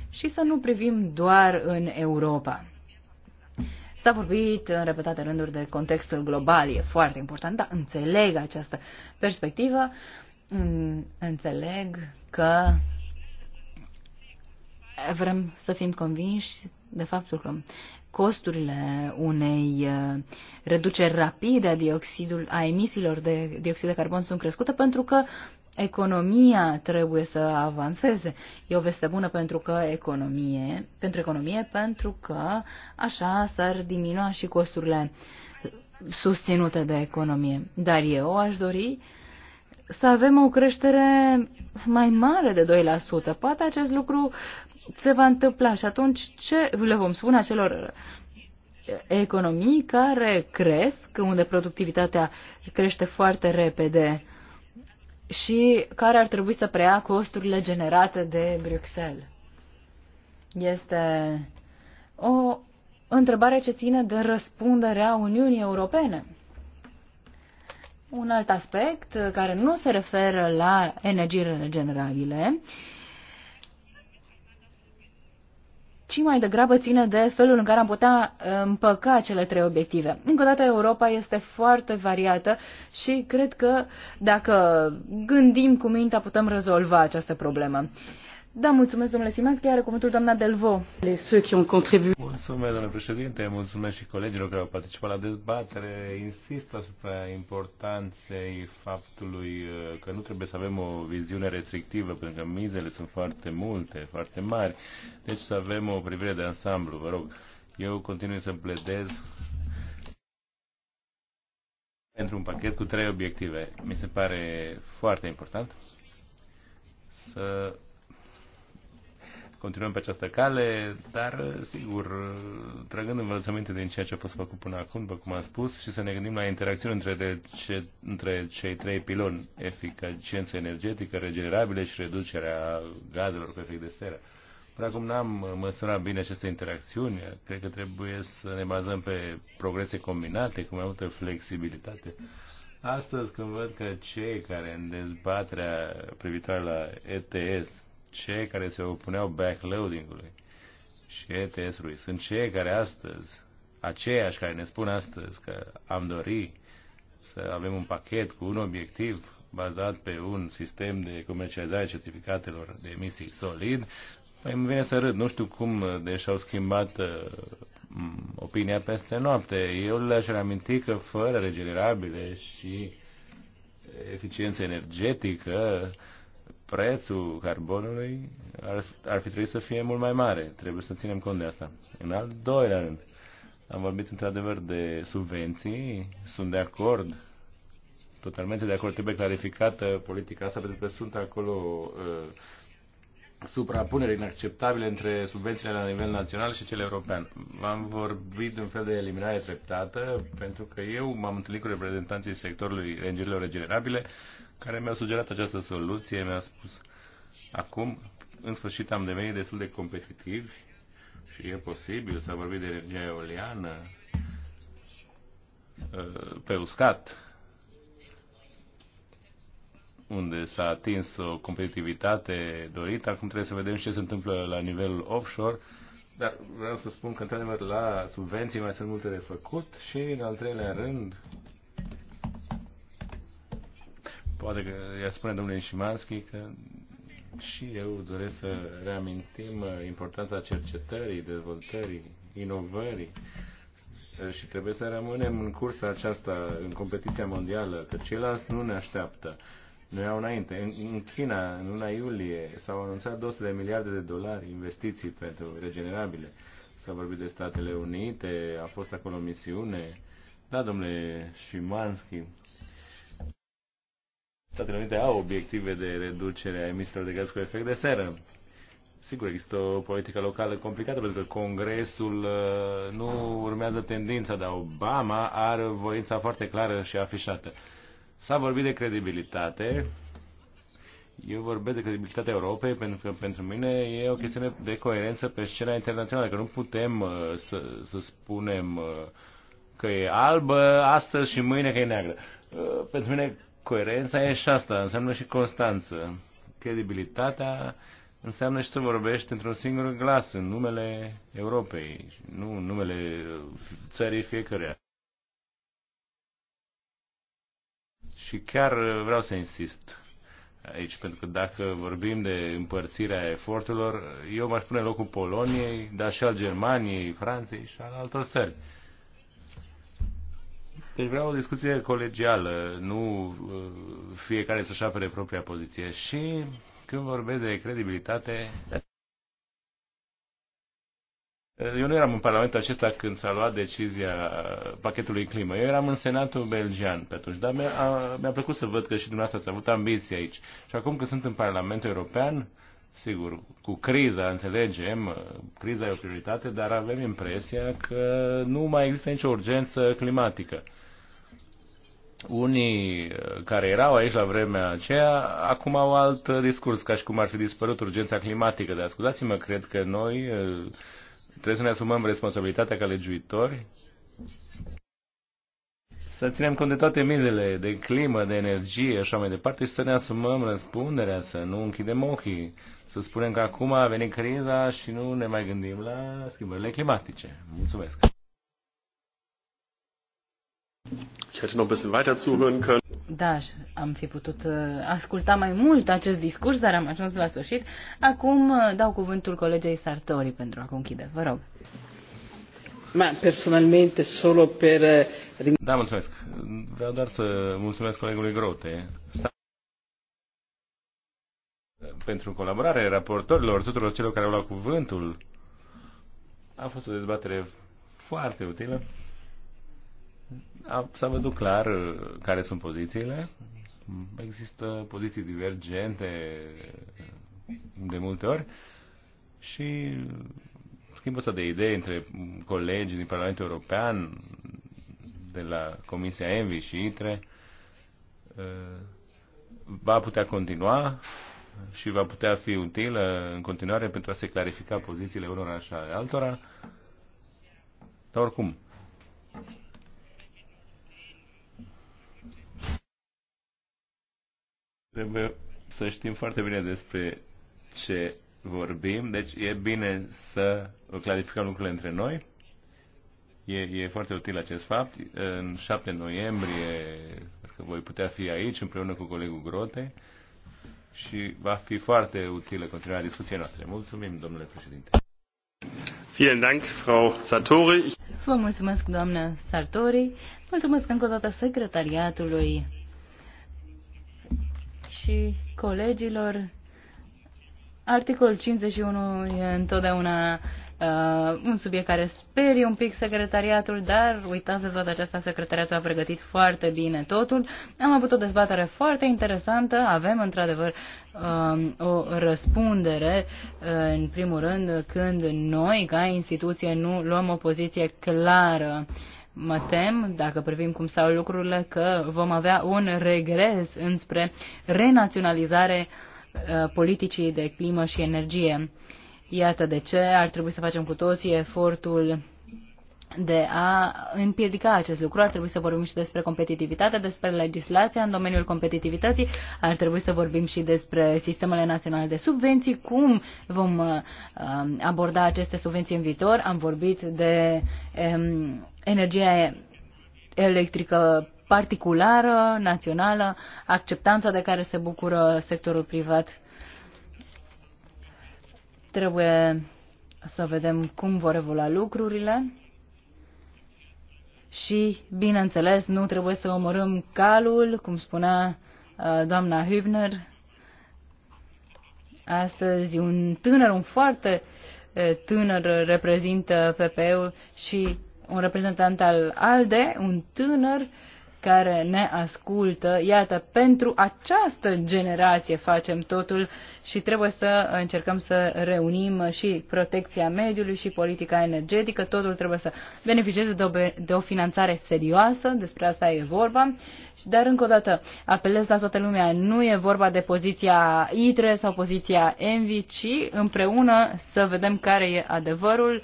Și să nu privim doar în Europa. S-a vorbit în repetate rânduri de contextul global, e foarte important, dar înțeleg această perspectivă, înțeleg că vrem să fim convinși de faptul că costurile unei uh, reduceri rapide a, dioxidul, a emisiilor de dioxid de carbon sunt crescute pentru că economia trebuie să avanseze. E o veste bună pentru că economie, pentru economie, pentru că așa s-ar diminua și costurile susținute de economie. Dar eu aș dori uh, să avem o creștere mai mare de 2%. Poate acest lucru se va întâmpla și atunci ce le vom spune acelor economii care cresc, unde productivitatea crește foarte repede și care ar trebui să preia costurile generate de Bruxelles. Este o întrebare ce ține de răspunderea Uniunii Europene. Un alt aspect uh, care nu se referă la energiile regenerabile, ci mai degrabă ține de felul în care am putea împăca cele trei obiective. Încă o dată, Europa este foarte variată și cred că dacă gândim cu mintea putem rezolva această problemă. Da, mulțumesc, domnule Simanski. Are cuvântul doamna Delvo. Mulțumesc, domnule președinte. Mulțumesc și colegilor care au participat la dezbatere. Insist asupra importanței faptului uh, că nu trebuie să avem o viziune restrictivă, pentru că mizele sunt foarte multe, foarte mari. Deci să avem o privire de ansamblu, vă rog. Eu continui să pledez pentru un pachet cu trei obiective. Mi se pare foarte important să continuăm pe această cale, dar, sigur, trăgând învățăminte din ceea ce a fost făcut până acum, după cum am spus, și să ne gândim la interacțiuni între, de ce, între cei trei piloni, eficiență energetică, regenerabile și reducerea gazelor cu efect de seră. Până acum n-am măsurat bine aceste interacțiuni, cred că trebuie să ne bazăm pe progrese combinate, cu mai multă flexibilitate. Astăzi, când văd că cei care în dezbaterea privitoare la ETS cei care se opuneau backloading-ului și ETS-ului. Sunt cei care astăzi, aceiași care ne spun astăzi că am dori să avem un pachet cu un obiectiv bazat pe un sistem de comercializare certificatelor de emisii solid, păi îmi vine să râd. Nu știu cum, deși au schimbat uh, opinia peste noapte. Eu le-aș reaminti că fără regenerabile și eficiență energetică, uh, prețul carbonului ar, ar fi trebuit să fie mult mai mare. Trebuie să ținem cont de asta. În al doilea rând, am vorbit într-adevăr de subvenții, sunt de acord, totalmente de acord, trebuie clarificată politica asta, pentru că sunt acolo uh, suprapuneri inacceptabile între subvențiile la nivel național și cele european. Am vorbit de un fel de eliminare treptată, pentru că eu m-am întâlnit cu reprezentanții sectorului energiilor regenerabile, uh, care mi a sugerat această soluție, mi-a spus, acum, în sfârșit, am devenit destul de competitiv și e posibil să vorbim de energia eoliană uh, pe uscat, unde s-a atins o competitivitate dorită. Acum trebuie să vedem ce se întâmplă la nivelul offshore. Dar vreau să spun că, într-adevăr, la subvenții mai sunt multe de făcut și, în al treilea rând, Poate că i-a spune domnul Ișimanschi că și eu doresc să reamintim importanța cercetării, dezvoltării, inovării și trebuie să rămânem în cursa aceasta, în competiția mondială, că ceilalți nu ne așteaptă. Nu au înainte. În, în China, în luna iulie, s-au anunțat 200 de miliarde de dolari investiții pentru regenerabile. S-a vorbit de Statele Unite, a fost acolo misiune. Da, domnule Șimanski, Statele Unite au obiective de reducere a emisiilor de gaz cu efect de seră. Sigur, există o politică locală complicată, pentru că Congresul uh, nu urmează tendința, dar Obama are voința foarte clară și afișată. S-a vorbit de credibilitate. Eu vorbesc de credibilitatea Europei pentru că pentru mine e o chestiune de coerență pe scena internațională, că nu putem uh, să, să spunem uh, că e albă astăzi și mâine că e neagră. Pentru mine coerența e și asta, înseamnă și constanță. Credibilitatea înseamnă și să vorbești într-un singur glas, în numele Europei, nu în numele țării fiecăruia. Și chiar vreau să insist aici, pentru că dacă vorbim de împărțirea eforturilor, eu m-aș pune locul Poloniei, dar și al Germaniei, Franței și al altor țări. Deci vreau o discuție colegială, nu uh, fiecare să-și apere propria poziție. Și când vorbesc de credibilitate, eu nu eram în Parlamentul acesta când s-a luat decizia pachetului climă. Eu eram în Senatul belgian pe atunci, dar mi-a, mi-a plăcut să văd că și dumneavoastră ați avut ambiții aici. Și acum că sunt în Parlamentul European, sigur, cu criza, înțelegem, uh, criza e o prioritate, dar avem impresia că nu mai există nicio urgență climatică unii uh, care erau aici la vremea aceea, acum au alt uh, discurs, ca și cum ar fi dispărut urgența climatică. Dar scuzați-mă, cred că noi uh, trebuie să ne asumăm responsabilitatea ca legiuitori să ținem cont de toate mizele de climă, de energie și așa mai departe și să ne asumăm răspunderea, să nu închidem ochii, să spunem că acum a venit criza și nu ne mai gândim la schimbările climatice. Mulțumesc! Ich hätte noch ein bisschen weiter zuhören können. Da, am fi putut uh, asculta mai mult acest discurs, dar am ajuns la sfârșit. Acum uh, dau cuvântul colegei Sartori pentru a conchide. Vă rog. Ma personalmente solo per... Uh, da, mulțumesc. Vreau doar să mulțumesc colegului Grote pentru colaborare, raportorilor, tuturor celor care au luat cuvântul. A fost o dezbatere foarte utilă. S-a văzut clar uh, care sunt pozițiile. Există poziții divergente uh, de multe ori și schimbul ăsta de idei între colegi din Parlamentul European, de la Comisia Envi și ITRE, uh, va putea continua și va putea fi utilă în continuare pentru a se clarifica pozițiile unora și altora. Dar oricum, Trebuie să știm foarte bine despre ce vorbim, deci e bine să clarificăm lucrurile între noi. E, e foarte util acest fapt. În 7 noiembrie că voi putea fi aici împreună cu colegul Grote și va fi foarte utilă continuarea discuției noastre. Mulțumim, domnule președinte. Vielen Dank, Frau Sartori. Vă mulțumesc, doamnă Sartori. Mulțumesc încă o dată secretariatului și colegilor. Articolul 51 e întotdeauna uh, un subiect care sperie un pic secretariatul, dar uitați de toată aceasta, secretariatul a pregătit foarte bine totul. Am avut o dezbatere foarte interesantă, avem într-adevăr uh, o răspundere, uh, în primul rând, când noi, ca instituție, nu luăm o poziție clară uh, Mă tem, dacă privim cum stau lucrurile, că vom avea un regres înspre renaționalizare uh, politicii de climă și energie. Iată de ce ar trebui să facem cu toții efortul de a împiedica acest lucru. Ar trebui să vorbim și despre competitivitate, despre legislația în domeniul competitivității, ar trebui să vorbim și despre sistemele naționale de subvenții, cum vom uh, aborda aceste subvenții în viitor. Am vorbit de um, energia electrică particulară, națională, acceptanța de care se bucură sectorul privat. Trebuie să vedem cum vor evolua lucrurile și, bineînțeles, nu trebuie să omorâm calul, cum spunea uh, doamna Hübner. Astăzi un tânăr, un foarte uh, tânăr reprezintă PP-ul și un reprezentant al ALDE, un tânăr uh, care ne ascultă. Iată, pentru această generație facem totul și trebuie să încercăm să reunim și protecția mediului și politica energetică. Totul trebuie să beneficieze de o, de o finanțare serioasă, despre asta e vorba. Dar, încă o dată, apelez la toată lumea, nu e vorba de poziția ITRE sau poziția ENVI, ci împreună să vedem care e adevărul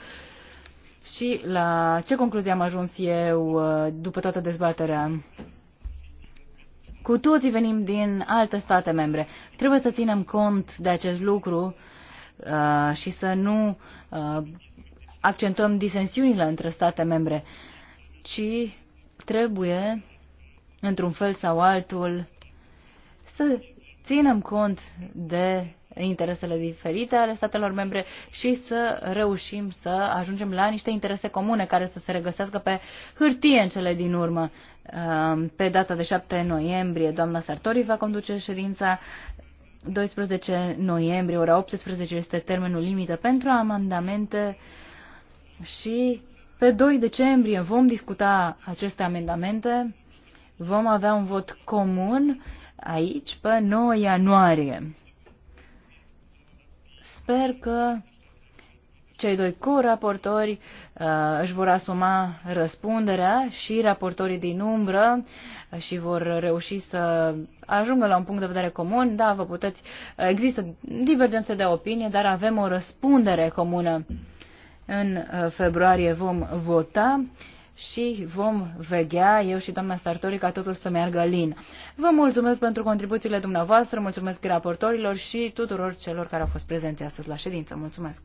și la ce concluzie am ajuns eu uh, după toată dezbaterea? Cu toții venim din alte state membre. Trebuie să ținem cont de acest lucru uh, și să nu uh, accentuăm disensiunile între state membre, ci trebuie, într-un fel sau altul, să ținem cont de interesele diferite ale statelor membre și să reușim să ajungem la niște interese comune care să se regăsească pe hârtie în cele din urmă. Pe data de 7 noiembrie, doamna Sartori va conduce ședința 12 noiembrie, ora 18 este termenul limită pentru amendamente și pe 2 decembrie vom discuta aceste amendamente. Vom avea un vot comun aici pe 9 ianuarie. Sper că cei doi co-raportori uh, își vor asuma răspunderea și raportorii din umbră și vor reuși să ajungă la un punct de vedere comun. Da, vă puteți, uh, există divergențe de opinie, dar avem o răspundere comună. În uh, februarie vom vota și vom vegea, eu și doamna Sartori, ca totul să meargă lin. Vă mulțumesc pentru contribuțiile dumneavoastră, mulțumesc raportorilor și tuturor celor care au fost prezenți astăzi la ședință. Mulțumesc!